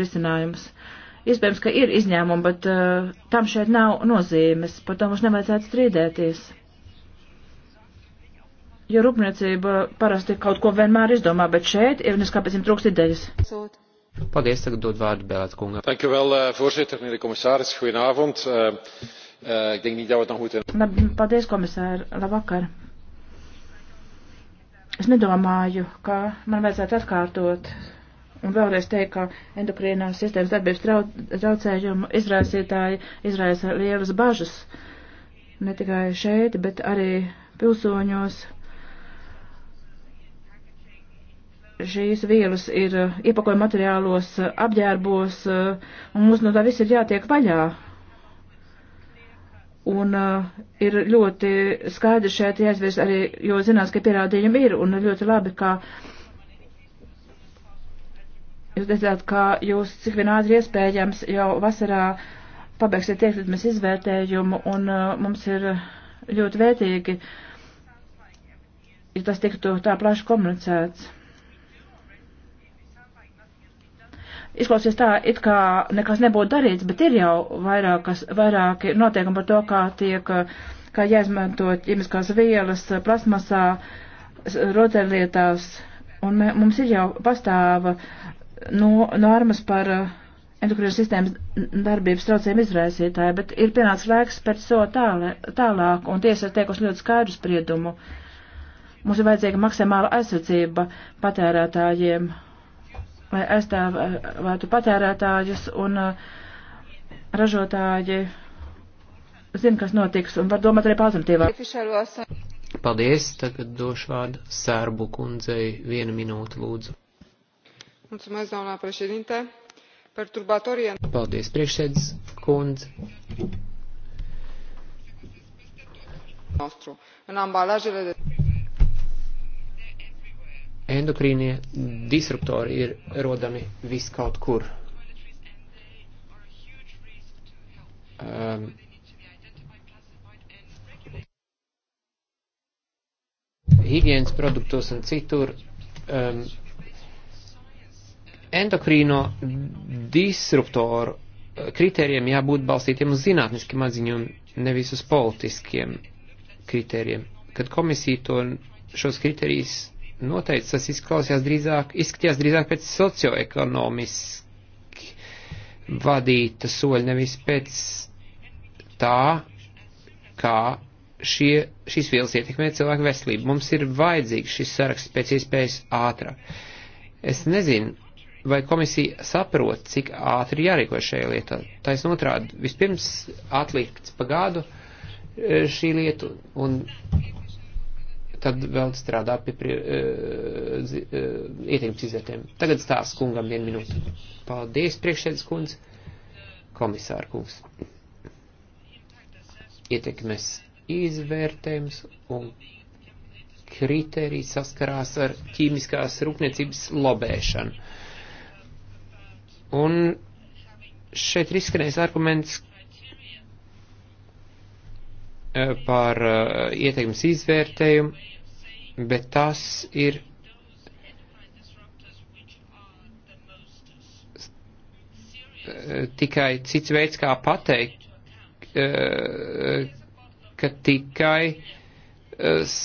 risinājumus. Iespējams, ka ir izņēmumi, bet uh, tam šeit nav nozīmes, par to mums nevajadzētu strīdēties. Jo rūpniecība parasti kaut ko vienmēr izdomā, bet šeit ir neskāpēc viņam trūkst idejas. Sūt. Paldies, tagad dod vārdu Bēlēt kungam. Thank you well, uh, eh, voorzitter, meneer de commissaris, goedenavond. Uh, uh, ik denk niet dat we het nog goed in... Lab, paldies, komisār, labvakar. Es nedomāju, ka man vajadzētu atkārtot un vēlreiz teikt, ka endokrīnās sistēmas darbības traucējumu izraisītāji izraisa lielas bažas. Ne tikai šeit, bet arī pilsoņos šīs vielas ir eh, iepakojuma materiālos, eh, apģērbos, eh, un mums no tā viss ir jātiek vaļā. Un uh, ir ļoti skaidri šeit jāizvirs arī, jo zinās, ka pierādījumi ir, un ļoti labi, ka jūs teicāt, ka jūs cik vien ātri iespējams jau vasarā pabeigsiet ietekmes izvērtējumu, un uh, mums ir ļoti vērtīgi, ja tas tiktu tā plaši komunicēts izklausies tā, it kā nekas nebūtu darīts, bet ir jau vairākas, vairāki noteikumi par to, kā tiek, kā jāizmanto ķīmiskās vielas plasmasā, rotaļlietās, un mē, mums ir jau pastāva no, nu, normas par eh, endokrīnas sistēmas darbības traucējumu izraisītāju, bet ir pienācis laiks pēc to tālē, tālāk, un tiesa ir teikusi ļoti skaidru spriedumu. Mums ir vajadzīga maksimāla aizsardzība patērētājiem lai aizstāvētu patērētājus un uh, ražotāji zina, kas notiks un var domāt arī pozitīvāk. Paldies, tagad došu vārdu Sērbu kundzei vienu minūtu lūdzu. Mulțumesc, doamna președinte. Perturbatorie. Paldies, priekšsēdz kundze. Nostru, în ambalajele de endokrīnie disruptori ir rodami viskaut kur. Um, higienas produktos un citur um, endokrīno disruptoru uh, kritērijiem jābūt balstītiem uz zinātniskiem atziņiem, nevis uz politiskiem kritērijiem. Kad komisija to, šos kritērijus noteikts tas izklausījās drīzāk, izskatījās drīzāk pēc socioekonomiski vadīta soļa, nevis pēc tā, kā šie, šīs vielas ietekmē cilvēku veselību. Mums ir vajadzīgs šis saraksts pēc iespējas ātrāk. Es nezinu, vai komisija saprot, cik ātri jārīko šajā lietā. Taisn otrādi, vispirms atlikts pa gadu e, šī lieta un tad vēl strādā pie prie, uh, e, uh, e, ietekmes izvērtēm. Tagad stāsts kungam vienu minūtu. Paldies, priekšsēdus kundz, komisāra kungs. Ietekmes izvērtējums un kriteriji saskarās ar ķīmiskās rūpniecības lobēšanu. Un šeit ir izskanējis arguments, e, par uh, ieteikums izvērtējumu, bet tās ir tikai cits veids, kā pateikt, eh, ka tikai eh,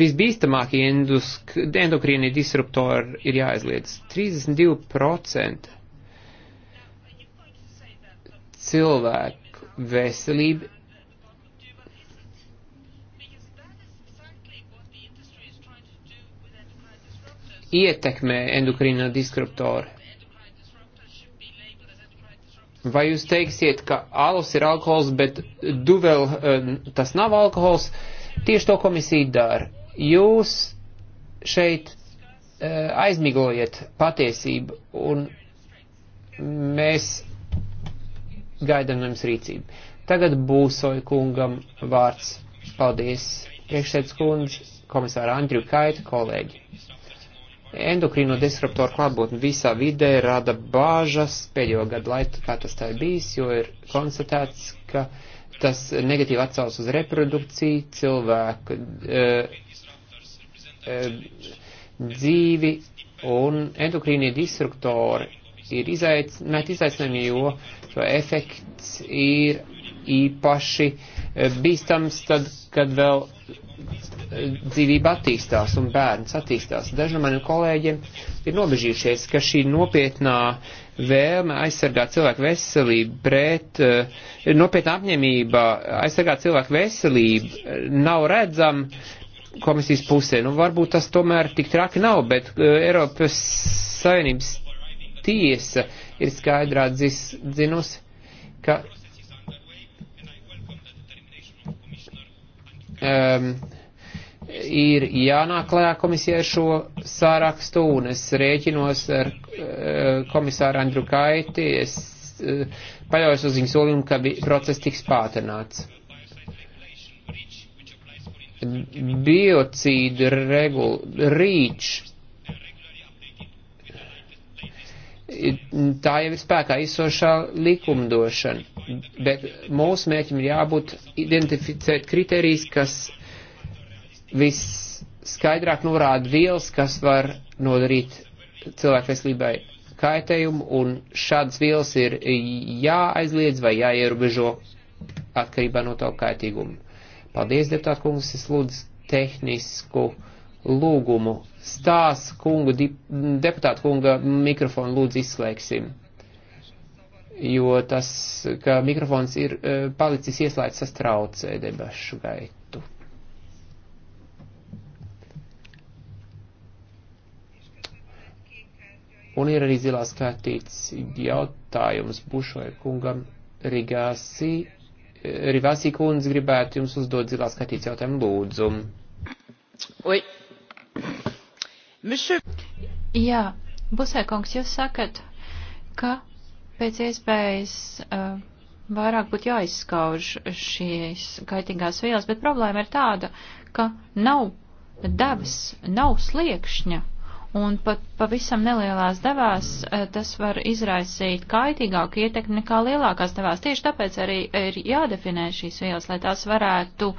visbīstamākie endokrīnie disruptori ir jāizliedz. 32% cilvēku veselība ietekmē endokrīnā disruptori. Vai jūs teiksiet, ka alus ir alkohols, bet duvel eh, tas nav alkohols? Tieši to komisija dara. Jūs šeit eh, aizmiglojiet patiesību un mēs gaidām jums rīcību. Tagad būsoja kungam vārds. Paldies, priekšsēdz kundze, komisāra Andriju Kaita, kolēģi. Endokrino disruptoru klātbūtne visā vidē rada bāžas, pēdējo gadu laikā tas tā ir bijis, jo ir konstatēts, ka tas negatīvi atsauc uz reprodukciju, cilvēku e, e, dzīvi un endokrīnie disruptori ir izaic, izaicinājumi, jo to efekts ir īpaši e, bīstams tad, kad vēl e, dzīvība attīstās un bērns attīstās. Daži no maniem kolēģiem ir nobežījušies, ka šī nopietnā vēlme aizsargāt cilvēku veselību pret, e, nopietnā apņemība aizsargāt cilvēku veselību nav redzama komisijas pusē. Nu, varbūt tas tomēr tik traki nav, bet Eiropas Savienības tiesa ir skaidrā dzinusi, ka um, ir jānāk klajā komisijai šo sārakstu, un es rēķinos ar uh, komisāru Andru Kaiti, es uh, paļaujos uz viņu solījumu, ka process tiks pātrināts. Biocīdu regula, rīč, tā jau ir spēkā izsošā likumdošana, bet mūsu mēķim ir jābūt identificēt kriterijus, kas visskaidrāk norāda vielas, kas var nodarīt cilvēku veselībai kaitējumu, un šādas vielas ir jāaizliedz vai jāierobežo atkarībā no tā kaitīguma. Paldies, deputāt kungs, es lūdzu tehnisku lūgumu. Stās kungu, deputātu kunga mikrofonu lūdzu izslēgsim, jo tas, ka mikrofons ir e, palicis ieslēgts, tas traucē debašu gaitu. Un ir arī zilā skatīts jautājums Bušoja kungam Rigāsī. Rivāsī kundze gribētu jums uzdot zilā skatīts jautājumu lūdzu. Oui. Monsieur... Jā, Busēkungs, jūs sakat, ka pēc iespējas uh, vairāk būtu jāizskauž šīs kaitīgās vielas, bet problēma ir tāda, ka nav devas, nav sliekšņa. Un pat pavisam nelielās devās uh, tas var izraisīt kaitīgāku ietekmi nekā lielākās devās. Tieši tāpēc arī ir jādefinē šīs vielas, lai tās varētu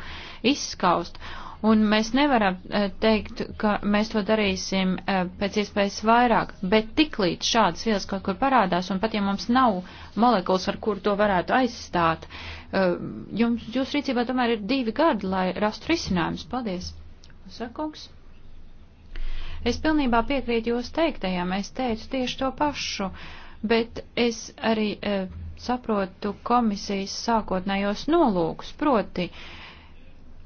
izskaust. Un mēs nevaram eh, teikt, ka mēs to darīsim eh, pēc iespējas vairāk, bet tik līdz šādas vielas kaut kur parādās, un pat ja mums nav molekulas, ar kur to varētu aizstāt, eh, jums, jūs rīcībā tomēr ir divi gadi, lai rastu risinājumus. Paldies! Sakungs. Es pilnībā piekrītu jūs teiktajam, es teicu tieši to pašu, bet es arī saprotu komisijas sākotnējos nolūkus, proti, uh,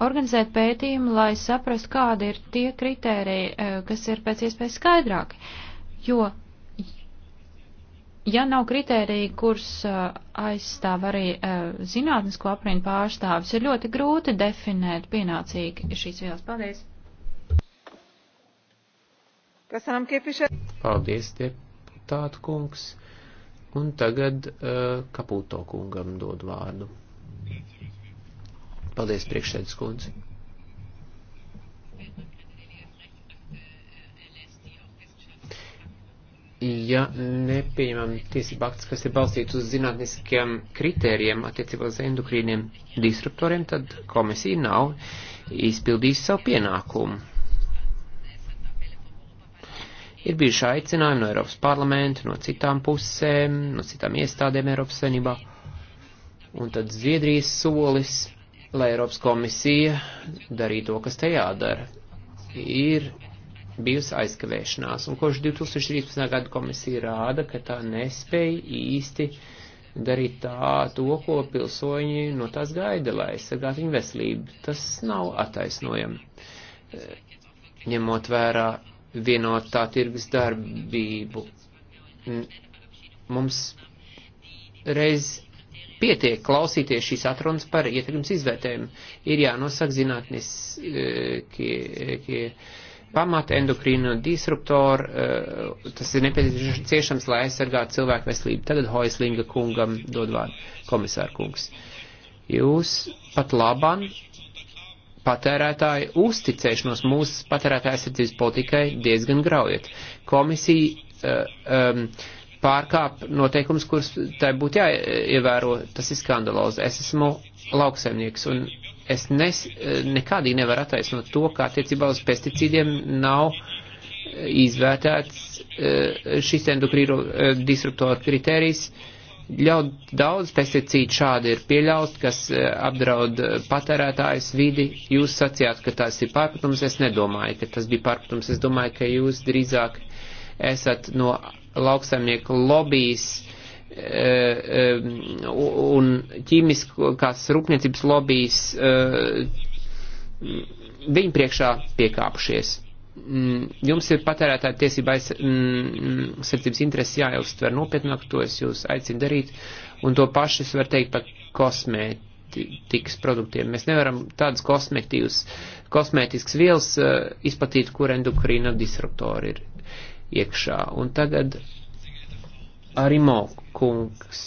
organizēt pētījumu, lai saprastu, kādi ir tie kritēriji, eh, kas ir pēc iespējas skaidrāki. Jo, ja nav kritērija, kurus eh, aizstāv arī eh, zinātnisko aprīnu pārstāvis, ir ļoti grūti definēt pienācīgi šīs vielas. Paldies! Paldies, deputātu kungs! Un tagad uh, Kaputo kungam dod vārdu. Paldies, priekšsēdus kundze. ja nepieņemam tiesību aktus, kas ir balstīts uz zinātniskiem kritērijiem attiecībā uz endokrīniem disruptoriem, tad komisija nav izpildījusi savu pienākumu. Ir bijuši aicinājumi no Eiropas parlamenta, no citām pusēm, no citām iestādēm Eiropas senībā. Un tad Zviedrijas solis lai Eiropas komisija darītu to, kas te jādara. Ir bijusi aizkavēšanās, un kopš 2013. gada komisija rāda, ka tā nespēja īsti darīt tā to, ko pilsoņi no tās gaida, lai aizsargātu viņu veselību. Tas nav attaisnojami. Ņemot vērā vienotā tirgus darbību, mums reiz pietiek klausīties šīs atrunas par ietekmes izvērtējumu. Ir jānosaka zinātniskie e, pamata endokrīnu disruptoru, e, tas ir nepieciešams, lai aizsargātu cilvēku veselību. Tagad Hoislinga kungam dod vārdu komisāra kungs. Jūs pat labam patērētāju uzticēšanos mūsu patērētāju aizsardzības politikai diezgan graujat. Komisija uh, um, pārkāp noteikums, kurus tai būtu jāievēro. Tas ir skandalozi. Es esmu lauksaimnieks un es nes, nekādī nevaru attaisnot to, kā attiecībā uz pesticīdiem nav eh, izvērtēts eh, šis endokrīro eh, disruptoru kriterijs. Ļoti daudz pesticīdu šādi ir pieļaust, kas apdraud patērētājs vidi. Jūs sacījāt, ka tas ir pārpratums. Es nedomāju, ka tas bija pārpratums. Es domāju, ka jūs drīzāk esat no lauksaimnieku lobijas e, e, un ķīmiskās rūpniecības lobijas e, viņu priekšā piekāpušies. Mm, jums ir patērētāja tiesība aizsardzības mm, intereses jāuztver nopietnāk, to es jūs aicinu darīt, un to pašu es varu teikt par kosmētikas produktiem. Mēs nevaram tādas kosmētiskas vielas izplatīt, kur endokrīna disruptori ir iekšā. Un tagad arī Mokungs,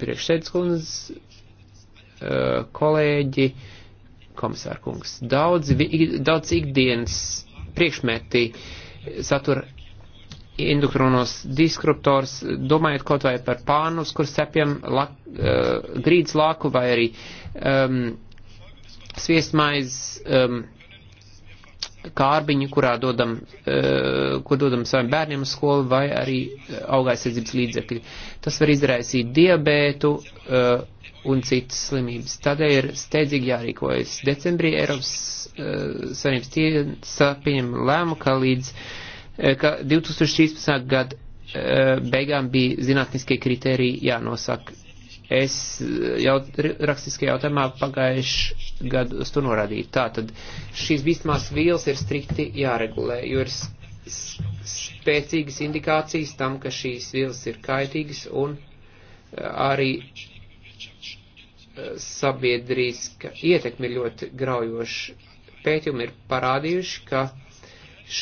priekšsēdskundz, eh, kolēģi, komisārkungs. Daudz, daudz ikdienas priekšmeti satura induktronos diskruptors, domājot kaut vai par pānus, kur sepjam lak, uh, grīdas lāku vai arī um, sviestmaiz um, kārbiņu, kurā dodam, uh, e, ko dodam saviem bērniem uz skolu, vai arī e, augaisardzības līdzekļi. Tas var izraisīt diabētu uh, un citas slimības. Tādēļ ir steidzīgi jārīkojas. Decembrī Eiropas uh, Savienības tiesa pieņem lēmu, ka līdz ka 2016. gada beigām bija zinātniskie kriteriji jānosaka Es jau rakstiskajā jautājumā pagājuši gadu uz to norādīju. Tātad šīs bīstamās vīles ir strikti jāregulē, jo ir spēcīgas indikācijas tam, ka šīs vielas ir kaitīgas un e, arī e, sabiedrīska ietekme ir ļoti graujoša. Pētījumi ir parādījuši, ka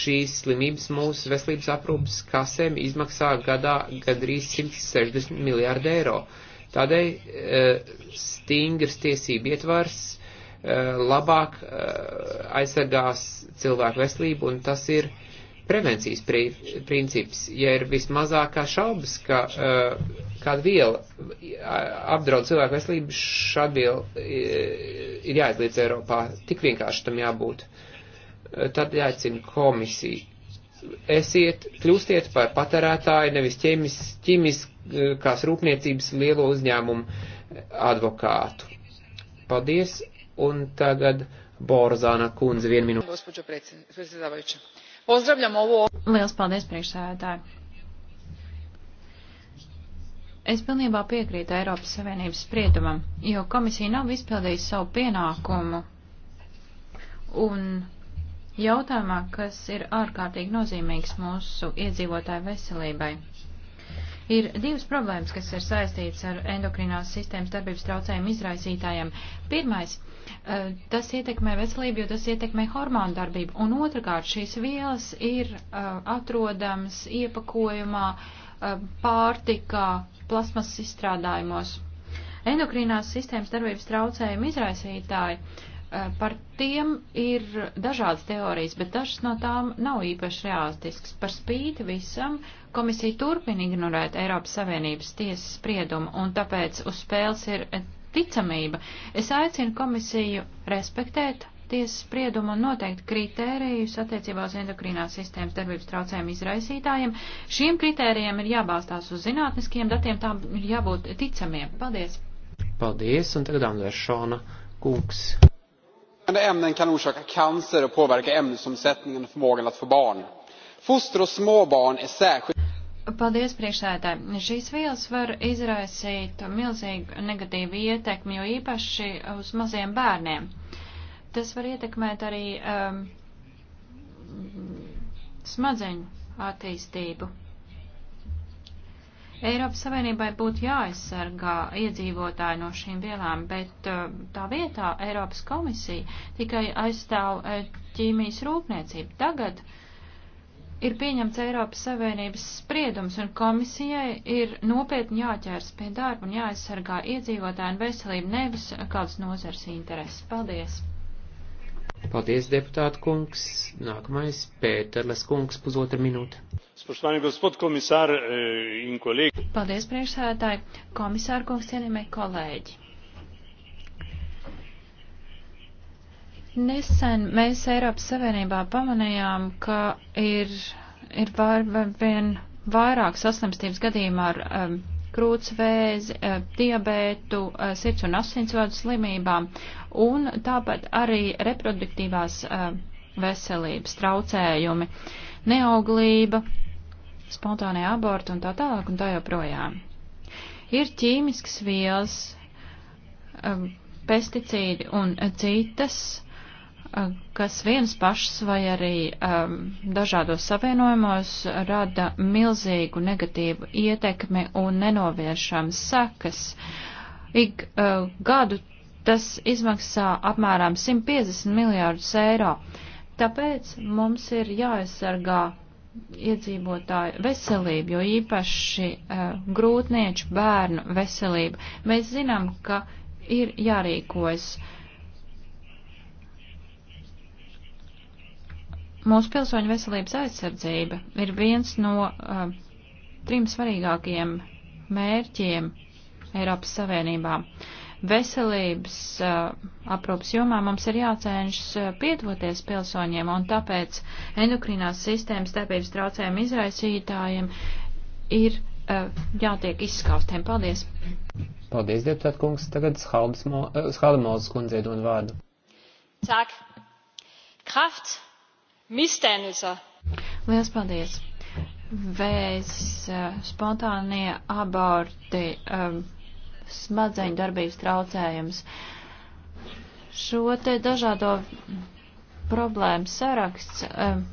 šīs slimības mūsu veselības aprūpas kasēm izmaksā gadā gadrīz 160 miljārdu eiro. Tādēļ e, stingrs tiesību ietvars e, labāk e, aizsargās cilvēku veselību, un tas ir prevencijas pri princips. Ja ir vismazākā šaubas, ka kāda viela apdraud cilvēku veselību, šāda viela ir jāizliedz Eiropā. Tik vienkārši tam jābūt. Tad jāicina komisija. Esiet, kļūstiet par patērētāju, nevis ķīmisku kās rūpniecības lielo uzņēmumu advokātu. Paldies, un tagad Borzāna kundze vienu minūti. Liels paldies, priekšsēdētāji! Es pilnībā piekrītu Eiropas Savienības spriedumam, jo komisija nav izpildījusi savu pienākumu. Un jautājumā, kas ir ārkārtīgi nozīmīgs mūsu iedzīvotāju veselībai, Ir divas problēmas, kas ir saistītas ar endokrinās sistēmas darbības traucējumu izraisītājiem. Pirmais, eh, tas ietekmē veselību, jo tas ietekmē hormonu darbību. Un otrkārt, šīs vielas ir eh, atrodamas iepakojumā, eh, pārtikā, plasmas izstrādājumos. Endokrīnās sistēmas darbības traucējumi izraisītāji Eh, par tiem ir dažādas teorijas, bet dažas no tām nav īpaši realistiskas. Par spīti visam komisija turpina ignorēt Eiropas Savienības tiesas spriedumu, un tāpēc uz spēles ir ticamība. Es aicinu komisiju respektēt tiesas spriedumu un noteikt kritērijus attiecībā uz endokrīnās sistēmas darbības traucējumu izraisītājiem. Šiem kritērijiem ir jābalstās uz zinātniskiem datiem, tām ir jābūt ticamiem. Paldies! Paldies, un tagad Andrēs Šona kungs. Användande ämnen kan orsaka cancer och påverka ämnesomsättningen och förmågan att få barn. Foster och små barn är särskilt... Paldies, priekšsēdētāji. Šīs vielas var izraisīt milzīgu negatīvu ietekmi, jo īpaši uz maziem bērniem. Tas var ietekmēt arī um, smadzeņu attīstību. Eiropas Savienībai būtu jāaizsargā iedzīvotāji no šīm vielām, bet uh, tā vietā Eiropas komisija tikai aizstāv uh, ķīmijas rūpniecību. Tagad ir pieņemts Eiropas Savienības spriedums, un komisijai ir nopietni jāķērs pie darba un jāaizsargā iedzīvotāju un veselību nevis kāds nozars intereses. Paldies! Paldies, deputāta kungs. Nākamais Pēterles kungs, pusotra minūte. Eh, Paldies, priekšsēdētāji. Komisāra kungs, cienījamie kolēģi. Nesen mēs Eiropas Savienībā pamanījām, ka ir, ir var, var vien vairāk saslimstības gadījumā ar um, krūtsvēzi, eh, diabētu, eh, sirds un asinsvadu slimībām un tāpat arī reproduktīvās eh, veselības traucējumi, neauglība, spontānie aborti un tā tālāk un tā joprojām. Ir ķīmisks vielas, pesticīdi un citas kas viens pašs vai arī um, dažādos savienojumos rada milzīgu negatīvu ietekmi un nenoviešams sekas. Ik uh, gadu tas izmaksā apmēram 150 miljārdus eiro. Tāpēc mums ir jāaizsargā iedzīvotāju veselību, jo īpaši uh, grūtnieču bērnu veselību. Mēs zinām, ka ir jārīkojas. Uh, Mūsu pilsoņu veselības aizsardzība ir viens no uh, trim svarīgākajiem mērķiem Eiropas Savienībā. Veselības uh, aprūpas jomā mums ir jācenšas uh, pietuvoties pilsoņiem, un tāpēc endokrinās sistēmas darbības traucējumu izraisītājiem ir uh, jātiek izskaustiem. Paldies! Paldies, deputāt kungs. Tagad Schaldemolzes uh, kundzei dod vārdu. Tak. Kraft Mistēnusa. Liels paldies. Vēzis, eh, spontānie aborti, um, smadzeņu darbības traucējums. Šo te dažādo problēmu saraksts um,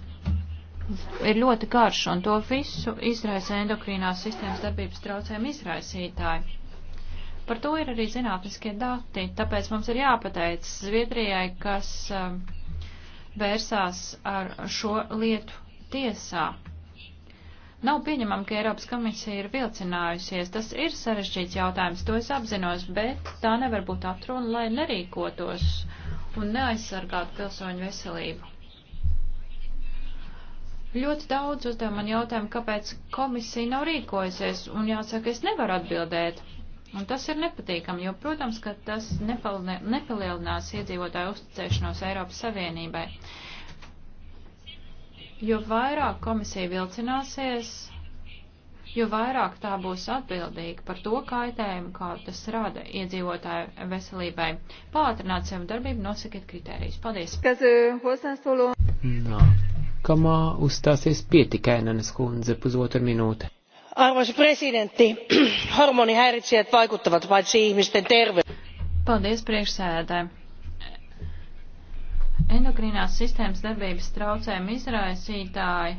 ir ļoti karš, un to visu izraisa endokrīnās sistēmas darbības traucējumi izraisītāji. Par to ir arī zinātniskie dati, tāpēc mums ir jāpateicas Zviedrijai, kas um, vērsās ar šo lietu tiesā. Nav pieņemam, ka Eiropas komisija ir vilcinājusies. Tas ir sarežģīts jautājums, to es apzinos, bet tā nevar būt atruna, lai nerīkotos un neaizsargātu pilsoņu veselību. Ļoti daudz uzdev man jautājumu, kāpēc komisija nav rīkojusies, un jāsaka, es nevaru atbildēt. Un tas ir nepatīkami, jo, protams, ka tas nepalne, nepalielinās iedzīvotāju uzticēšanos Eiropas Savienībai. Jo vairāk komisija vilcināsies, jo vairāk tā būs atbildīga par to kaitējumu, kā tas rada iedzīvotāju veselībai. Pātrināt savu darbību, nosakiet kritērijus. Paldies! Eh, Nākamā uzstāsies pietikainenes kundze pusotru minūte arvoisa presidentti [clears throat] hormonihäiritsijät vaikuttavat paitsi ihmisten terveyteen. paldies priekšsēdētājai. Endokrinās sistēmas darbības traucējumu izraisītāji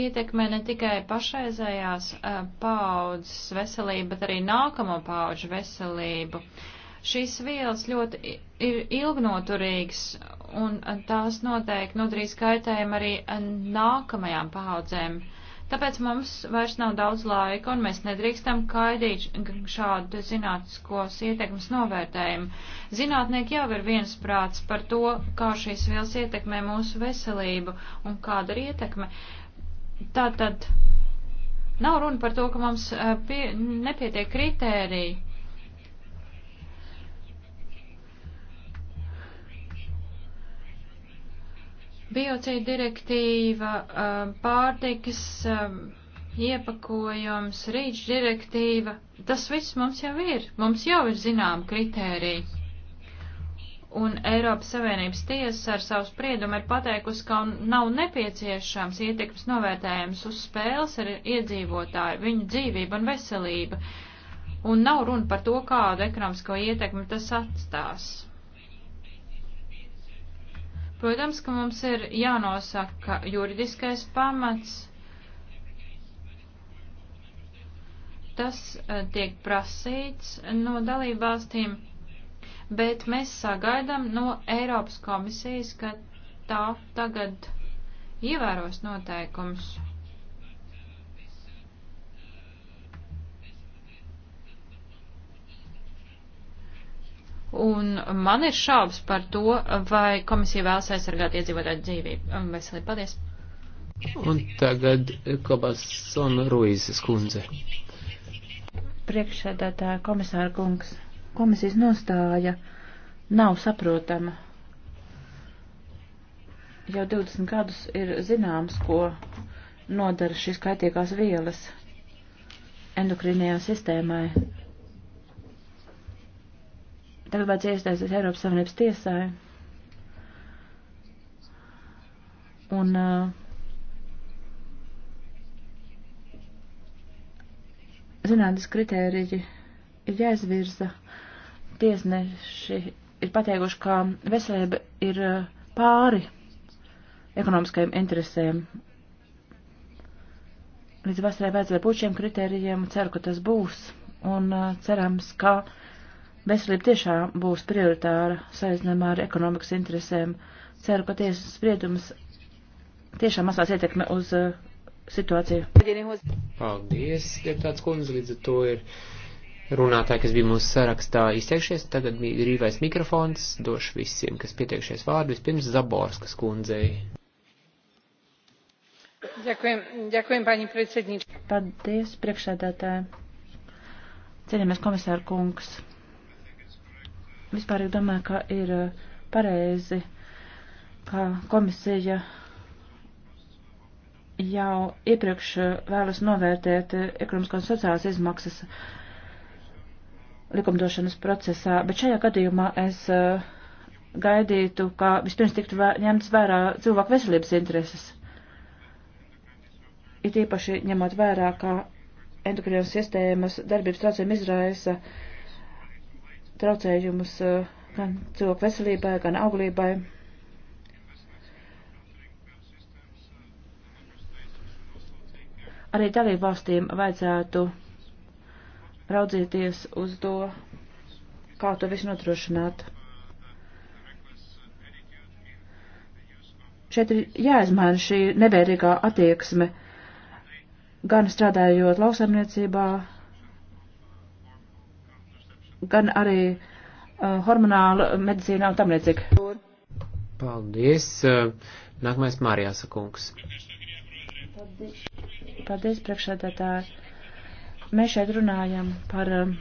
ietekmē ne tikai pašreizējās paaudzes veselību, bet arī nākamo paauģu veselību. Šīs vielas ļoti ir ilgnoturīgas un tās noteikti nodarīs kaitējumu arī nākamajām paaudzēm. Tāpēc mums vairs nav daudz laika, un mēs nedrīkstam kaidīt šādu zinātniskos ietekmes novērtējumu. Zinātnieki jau ir viens prāts par to, kā šīs vielas ietekmē mūsu veselību un kāda ir ietekme. Tātad nav runa par to, ka mums eh, pie, nepietiek kritēriji. Biocīda direktīva, um, pārtikas um, iepakojums, rīč direktīva, tas viss mums jau ir. Mums jau ir zinām kritērija. Un Eiropas Savienības tiesa ar savu spriedumu ir pateikusi, ka nav nepieciešams ietekmes novērtējums uz spēles ar iedzīvotāju, viņu dzīvību un veselību. Un nav runa par to, kādu ekonomisko ietekmi tas atstās. Protams, ka mums ir jānosaka juridiskais pamats. Tas eh, tiek prasīts no dalībvalstīm, bet mēs sagaidām no Eiropas komisijas, ka tā tagad ievēros noteikums. Un man ir šaubas par to, vai komisija vēlas aizsargāt iedzīvotāju dzīvību. Veselīgi, paldies! Un tagad Kobasona Ruizes kundze. Priekšsēdētāja komisāra kungs, komisijas nostāja nav saprotama. Jau 20 gadus ir zināms, ko nodara šīs kaitīgās vielas endokrinajā sistēmai Tagad vajadzēja iestāties Eiropas Savienības tiesai. Un uh, zinātnes kritēriji ir jāizvirza. Tiesneši ir pateikuši, ka veselība ir uh, pāri ekonomiskajiem interesēm. Līdz vasarai vajadzēja būt šiem kritērijiem, ceru, ka tas būs, un uh, cerams, ka Veselība tiešām būs prioritāra saistībā ar ekonomikas interesēm. Ceru, ka tiesas spriedums tiešām mazās ietekme uz uh, situāciju. Paldies, deputāts kundze, līdz ar to ir runātāji, kas bija mūsu sarakstā izteikšies. Tagad ir īvais mikrofons, došu visiem, kas pieteikšies vārdu. Vispirms Zaborskas kundzei. Ďakujem, ďakujem, pani predsednička. Paldies, priekšsēdētāji. Ceļamies komisāru kungs. Vispār es domāju, ka ir eh, pareizi, ka komisija jau iepriekš eh, vēlas novērtēt eh, ekonomiskās un sociālās izmaksas likumdošanas procesā, bet šajā gadījumā es gaidītu, ka vispirms tiktu vē, ņemts vērā cilvēku veselības intereses. It īpaši ņemot vērā, ka endokrinas sistēmas darbības traucējumi izraisa uh, traucējumus eh, gan cilvēku veselībai, gan auglībai. Arī dalību valstīm vajadzētu raudzīties uz to, kā to visu nodrošināt. Šeit ir jāizmaina šī nebērīgā attieksme, gan strādājot lauksaimniecībā, gan arī uh, hormonāla medicīnā un tam līdzīgi. Paldies. Uh, nākamais Mārijās kungs. Paldies, Paldies priekšsēdētāji. Mēs šeit runājam par um,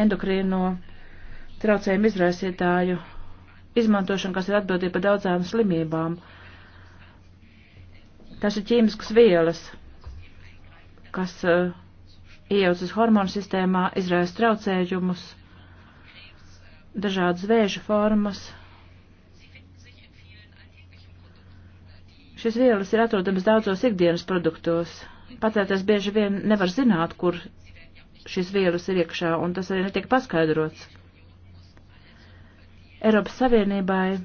endokrīno traucējumu izraisītāju izmantošanu, kas ir atbildība par daudzām slimībām. Tas ir ķīmiskas vielas, kas uh, iejaucas hormonu sistēmā, izraisa traucējumus, dažādas vēža formas. Šis vielas ir atrodams daudzos ikdienas produktos. Patērētājs bieži vien nevar zināt, kur šis vielas ir iekšā, un tas arī netiek paskaidrots. Eiropas Savienībai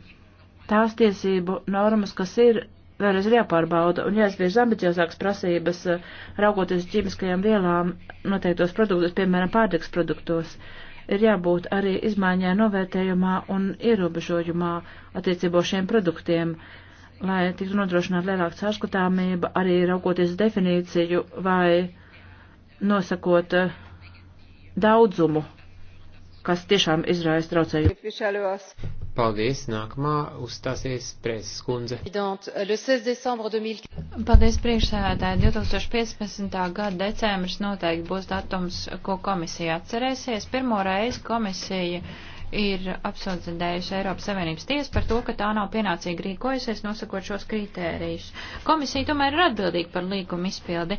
tās tiesību normas, kas ir vēlreiz ir jāpārbauda un jāizvirz ambiciozākas prasības, eh, raugoties ķīmiskajām vielām noteiktos produktos, piemēram, pārtiks produktos. Ir jābūt arī izmaiņai novērtējumā un ierobežojumā attiecībā šiem produktiem, lai tiktu nodrošināta lielāka caurskatāmība, arī raugoties definīciju vai nosakot eh, daudzumu, kas tiešām izraisa traucējumu. Paldies, nākamā uzstāsies preses kundze. Paldies, priekšsēdētāji. 2015. gada decembris noteikti būs datums, ko komisija atcerēsies. Pirmo reizi komisija ir apsūdzējusi Eiropas Savienības tiesa par to, ka tā nav pienācīgi rīkojusies nosakot šos kritērijus. Komisija tomēr ir atbildīga par līguma izpildi,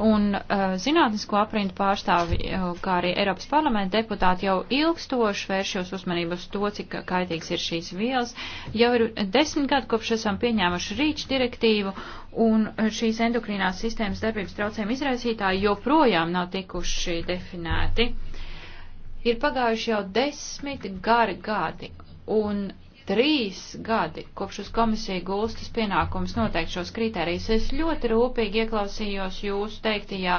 un uh, zinātnisko aprindu pārstāvi, uh, kā arī Eiropas parlamenta deputāti jau ilgstoši vērš jūs uzmanību uz to, cik kaitīgs ir šīs vielas. Jau ir desmit gadi, kopš esam pieņēmuši rīču direktīvu, un šīs endokrīnās sistēmas darbības traucējuma izraisītāji joprojām nav tikuši definēti. Ir pagājuši jau desmit gari gadi un trīs gadi, kopš uz komisiju gulstas pienākums noteikt šos kritērijus. Es ļoti rūpīgi ieklausījos jūsu teiktajā.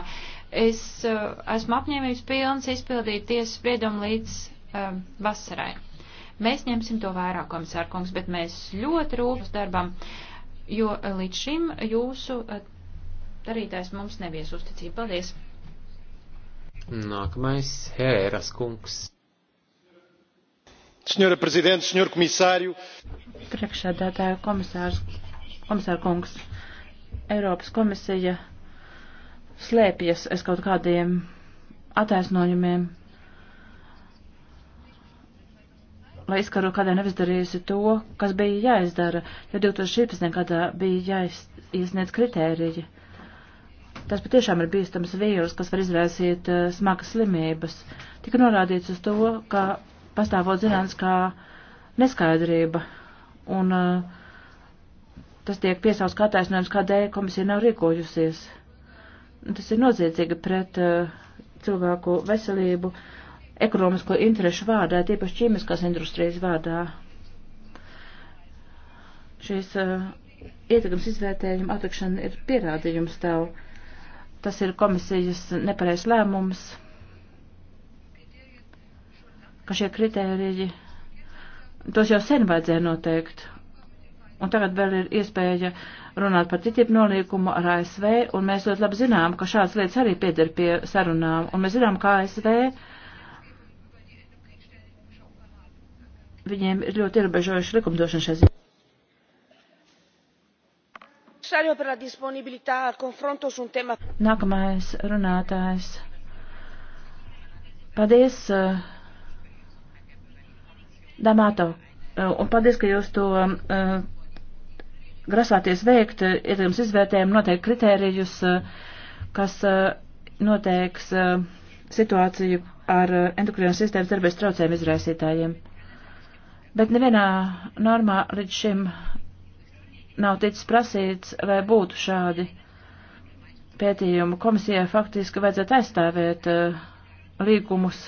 Es uh, esmu apņēmības pilns izpildīt tiesas spriedumu līdz uh, vasarai. Mēs ņemsim to vērā, komisārkungs, bet mēs ļoti rūpīgi darbam, jo uh, līdz šim jūsu uh, darītājs mums nevies uzticība. Paldies! Nākamais Hēras kungs. Senhora Presidente, Senhor Comissário. Priekšsēdētāja komisārs, komisāra kungs, Eiropas komisija slēpjas aiz kaut kādiem attaisnojumiem, lai izskaro, kādēļ nevis darījusi to, kas bija jāizdara, jo 2016. gadā bija jāiesniedz kritērija. Tas patiešām ir bīstams vīrus, kas var izraisīt uh, smagas slimības. Tika norādīts uz to, ka pastāvot zināms kā neskaidrība un uh, tas tiek piesauts kā taisnojums, kādēļ komisija nav rīkojusies. Tas ir noziedzīgi pret uh, cilvēku veselību, ekonomisko interešu vārdā, tīpaši ķīmiskās industrijas vārdā. Šīs uh, ietekmes izvērtējuma atlikšana ir pierādījums tev. Uh, Tas ir komisijas nepareizs lēmums, ka šie kritēriji, tos jau sen vajadzēja noteikt. Un tagad vēl ir iespēja runāt par citību nolīkumu ar ASV, un mēs ļoti labi zinām, ka šādas lietas arī pieder pie sarunām, un mēs zinām, ka ASV viņiem ir ļoti ierobežojuši likumdošana šajā ziņā. Nākamais runātājs. Paldies, eh, Damato, eh, un paldies, ka jūs to uh, grasāties veikt, ietekmes izvērtējumu noteikti kritērijus, kas noteiks situāciju ar endokrīnu sistēmas darbības traucējumu izraisītājiem. Bet nevienā normā līdz šim nav ticis prasīts, vai būtu šādi pētījumi. Komisijai faktiski vajadzētu aizstāvēt uh, līgumus.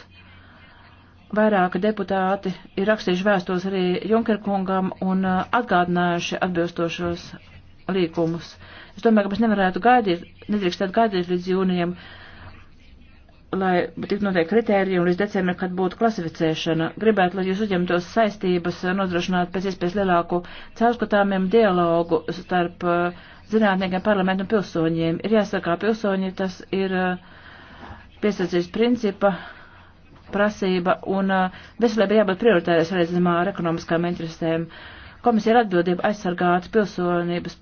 Vairāki deputāti ir rakstījuši vēstos arī Junkerkungam un uh, atgādinājuši atbilstošos līgumus. Es domāju, ka mēs nevarētu gaidīt, nedrīkstētu gaidīt līdz jūnijam. Uh, lai tiktu noteikti kritēriji un līdz decembrim, kad būtu klasificēšana. Gribētu, lai jūs uzņemtos saistības nodrošināt pēc iespējas lielāku caurskatāmiem dialogu starp eh, zinātniekiem, parlamentu un pilsoņiem. Ir jāsaka, pilsoņi tas ir eh, piesardzības principa prasība un eh, veselība jābūt prioritārēs redzamā ar ekonomiskām interesēm. Komisija ir atbildība aizsargāt pilsonības,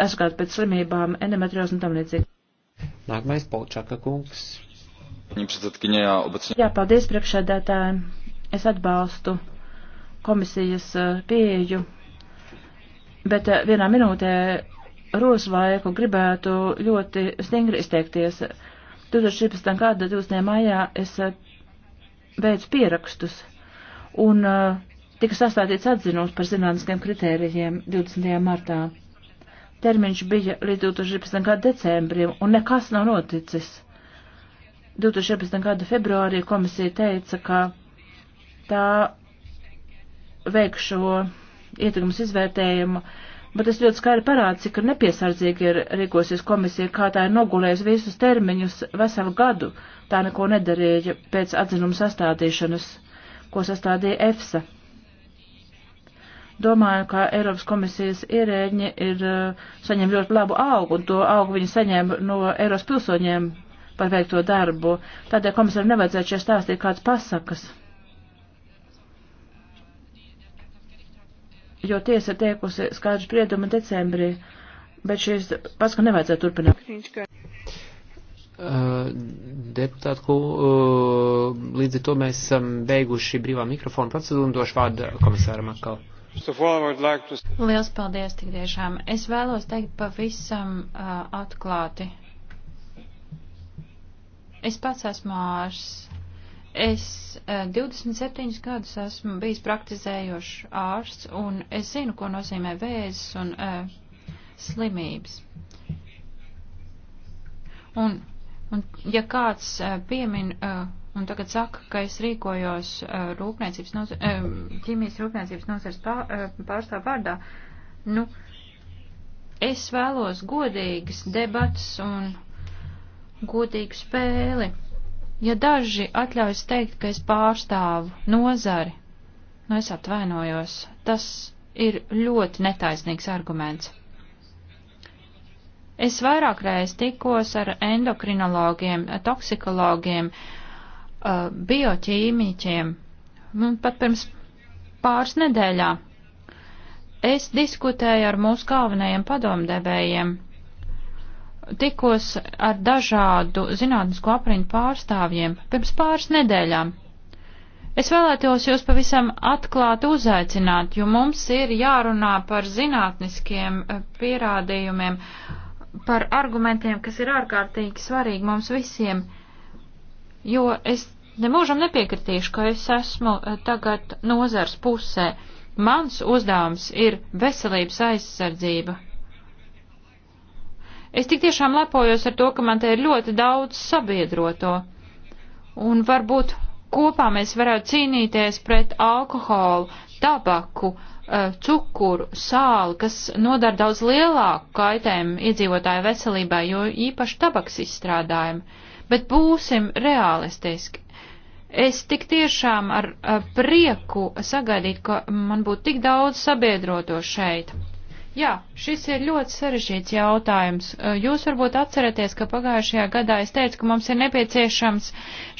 aizsargāt pēc slimībām, endometriozi un tam līdzīgi. Nākamais Polčaka kungs. Jā, paldies priekšsēdētājiem. Es atbalstu komisijas eh, pieeju, bet eh, vienā minūtē Rosvaiku gribētu ļoti stingri izteikties. 2014. gada 20. maijā es veicu eh, pierakstus un tika sastādīts atzinums par zinātniskiem kritērijiem 20. martā. Termiņš bija līdz 2014. gada decembrim, un nekas nav noticis. 2014. gada februārī komisija teica, ka tā veiks šo ietekmes izvērtējumu, bet tas ļoti skaidri parāda, cik nepiesardzīgi ir rīkosies komisija, kā tā ir nogulējusi visus termiņus veselu gadu. Tā neko nedarīja pēc atzinuma sastādīšanas, ko sastādīja EFSA. Domāju, ka Eiropas komisijas ierēģi ir eh, saņem ļoti labu augu, un to augu viņi saņem no Eiropas pilsoņiem par veikto darbu. Tādēļ komisaram nevajadzētu šeit stāstīt kāds pasakas. Jo tiesa teikusi skaidrs spriedumu decembrī, bet šīs pasaka nevajadzētu turpināt. Uh, deputātu, uh, līdz ar to mēs esam beiguši brīvā mikrofona procedūru un došu vārdu komisāram atkal. Liels paldies tik tiešām. Es vēlos teikt pavisam uh, atklāti Es pats esmu ārsts. Es 27 eh, gadus esmu bijis praktizējošs ārsts, un es zinu, ko nozīmē vēzis un uh, slimības. Un, un ja kāds uh, piemin uh, un tagad saka, ka es rīkojos uh, rūpniecības nozer, uh, ķīmijas rūpniecības nozars pār, uh, pārstāv vārdā, nu, es vēlos godīgas debatas un godīgu spēli. Ja daži atļaujas teikt, ka es pārstāvu nozari, nu es atvainojos, tas ir ļoti netaisnīgs arguments. Es vairāk reiz tikos ar endokrinologiem, toksikologiem, bioķīmīķiem, pat pirms pāris nedēļā. Es diskutēju ar mūsu galvenajiem padomdevējiem tikos ar dažādu zinātnisko apriņu pārstāvjiem pirms pāris nedēļām. Es vēlētos jūs pavisam atklāti uzaicināt, jo mums ir jārunā par zinātniskiem eh, pierādījumiem, par argumentiem, kas ir ārkārtīgi svarīgi mums visiem, jo es nemūžam nepiekritīšu, ka es esmu eh, tagad nozars pusē. Mans uzdevums ir veselības aizsardzība, Es tik tiešām lepojos ar to, ka man te ir ļoti daudz sabiedroto. Un varbūt kopā mēs varētu cīnīties pret alkoholu, tabaku, eh, cukuru, sāli, kas nodara daudz lielāku kaitējumu iedzīvotāju veselībai, jo īpaši tabaks izstrādājumi. Bet būsim realistiski. Es tik tiešām ar eh, prieku sagaidītu, ka man būtu tik daudz sabiedroto šeit. Jā, šis ir ļoti sarežģīts jautājums. Jūs varbūt atceraties, ka pagājušajā gadā es teicu, ka mums ir nepieciešams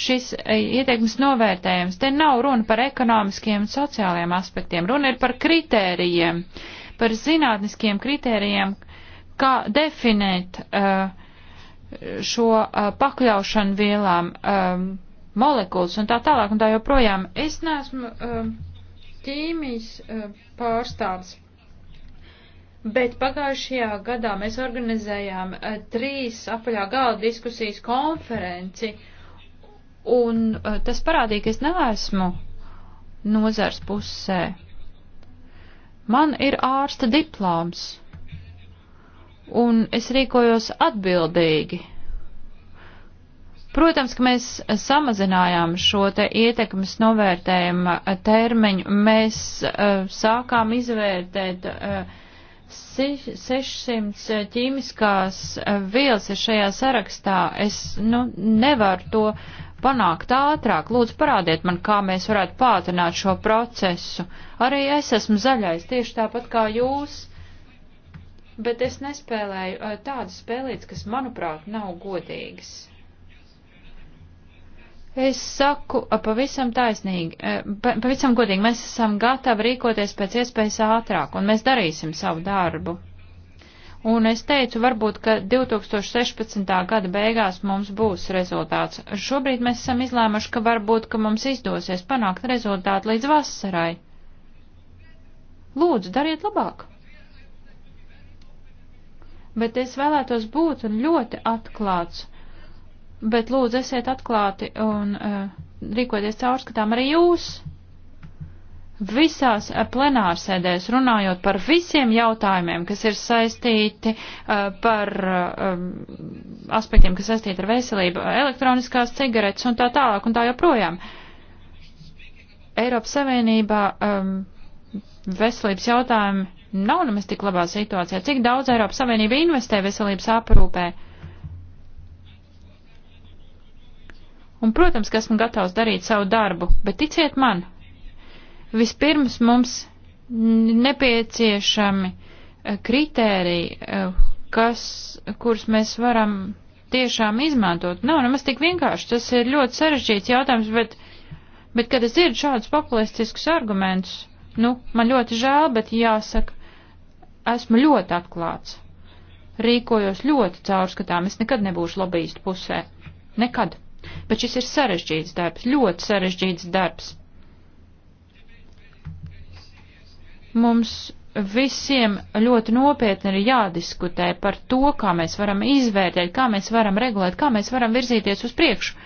šis ieteikums novērtējums. Te nav runa par ekonomiskiem un sociālajiem aspektiem, runa ir par kritērijiem, par zinātniskiem kritērijiem, kā definēt šo pakļaušanu vielām, molekulas un tā tālāk un tā joprojām. Es neesmu ķīmijas pārstāvis Bet pagājušajā gadā mēs organizējām eh, trīs apaļā galda diskusijas konferenci, un eh, tas parādīja, ka es neesmu nozars pusē. Man ir ārsta diploms, un es rīkojos atbildīgi. Protams, ka mēs samazinājām šo te ietekmes novērtējuma termiņu, mēs uh, sākām izvērtēt uh, 600 eh, ķīmiskās eh, vielas ir šajā sarakstā. Es nu, nevaru to panākt ātrāk. Lūdzu, parādiet man, kā mēs varētu pātrināt šo procesu. Arī es esmu zaļais, tieši tāpat kā jūs. Bet es nespēlēju eh, tādas spēlītas, kas, manuprāt, nav godīgas. Es saku pavisam taisnīgi, e, pavisam godīgi, mēs esam gatavi rīkoties pēc iespējas ātrāk, un mēs darīsim savu darbu. Un es teicu, varbūt, ka 2016. gada beigās mums būs rezultāts. Šobrīd mēs esam izlēmuši, ka varbūt, ka mums izdosies panākt rezultātu līdz vasarai. Lūdzu, dariet labāk! Bet es vēlētos būt ļoti atklāts bet lūdzu esiet atklāti un uh, rīkoties caurskatām arī jūs. Visās eh, plenārsēdēs runājot par visiem jautājumiem, kas ir saistīti uh, par uh, aspektiem, kas saistīti ar veselību, elektroniskās cigaretes un tā tālāk un tā joprojām. Eiropas Savienībā um, veselības jautājumi nav nemaz tik labā situācijā. Cik daudz Eiropas Savienība investē veselības aprūpē? Uh, Un, protams, ka esmu gatavs darīt savu darbu, bet ticiet man, vispirms mums nepieciešami eh, kritēriji, eh, kas, kurus mēs varam tiešām izmantot. Nav nemaz tik vienkārši, tas ir ļoti sarežģīts jautājums, bet, bet kad es dzirdu šādus populistiskus argumentus, nu, man ļoti žēl, bet jāsaka, esmu ļoti atklāts. Rīkojos ļoti caurskatām, es nekad nebūšu lobbyistu pusē. Nekad bet šis ir sarežģīts darbs, ļoti sarežģīts darbs. Mums visiem ļoti nopietni ir jādiskutē par to, kā mēs varam izvērtēt, kā mēs varam regulēt, kā mēs varam virzīties uz priekšu.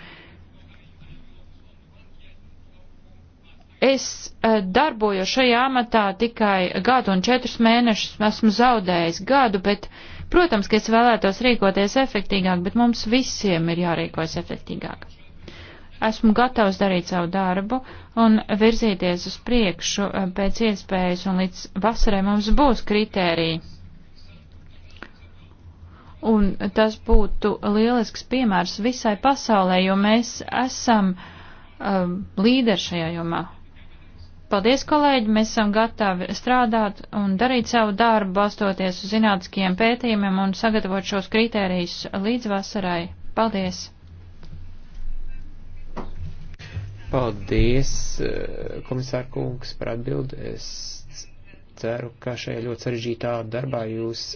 Es eh, darbojos šajā amatā tikai gadu un četrus mēnešus, esmu zaudējis gadu, bet uh, Protams, ka es vēlētos rīkoties efektīgāk, bet mums visiem ir jārīkojas efektīgāk. Esmu gatavs darīt savu darbu un virzīties uz priekšu eh, pēc iespējas, un līdz vasarai mums būs kritērija. Un tas būtu lielisks piemērs visai pasaulē, jo mēs esam um, līderi šajā jomā. Paldies, kolēģi, mēs esam gatavi strādāt un darīt savu darbu, balstoties uz zinātniskiem pētījumiem un sagatavot šos kritērijus līdz vasarai. Paldies! Paldies, eh, komisār kungs, par atbildi. Es ceru, ka šajā ļoti sarežģītā darbā jūs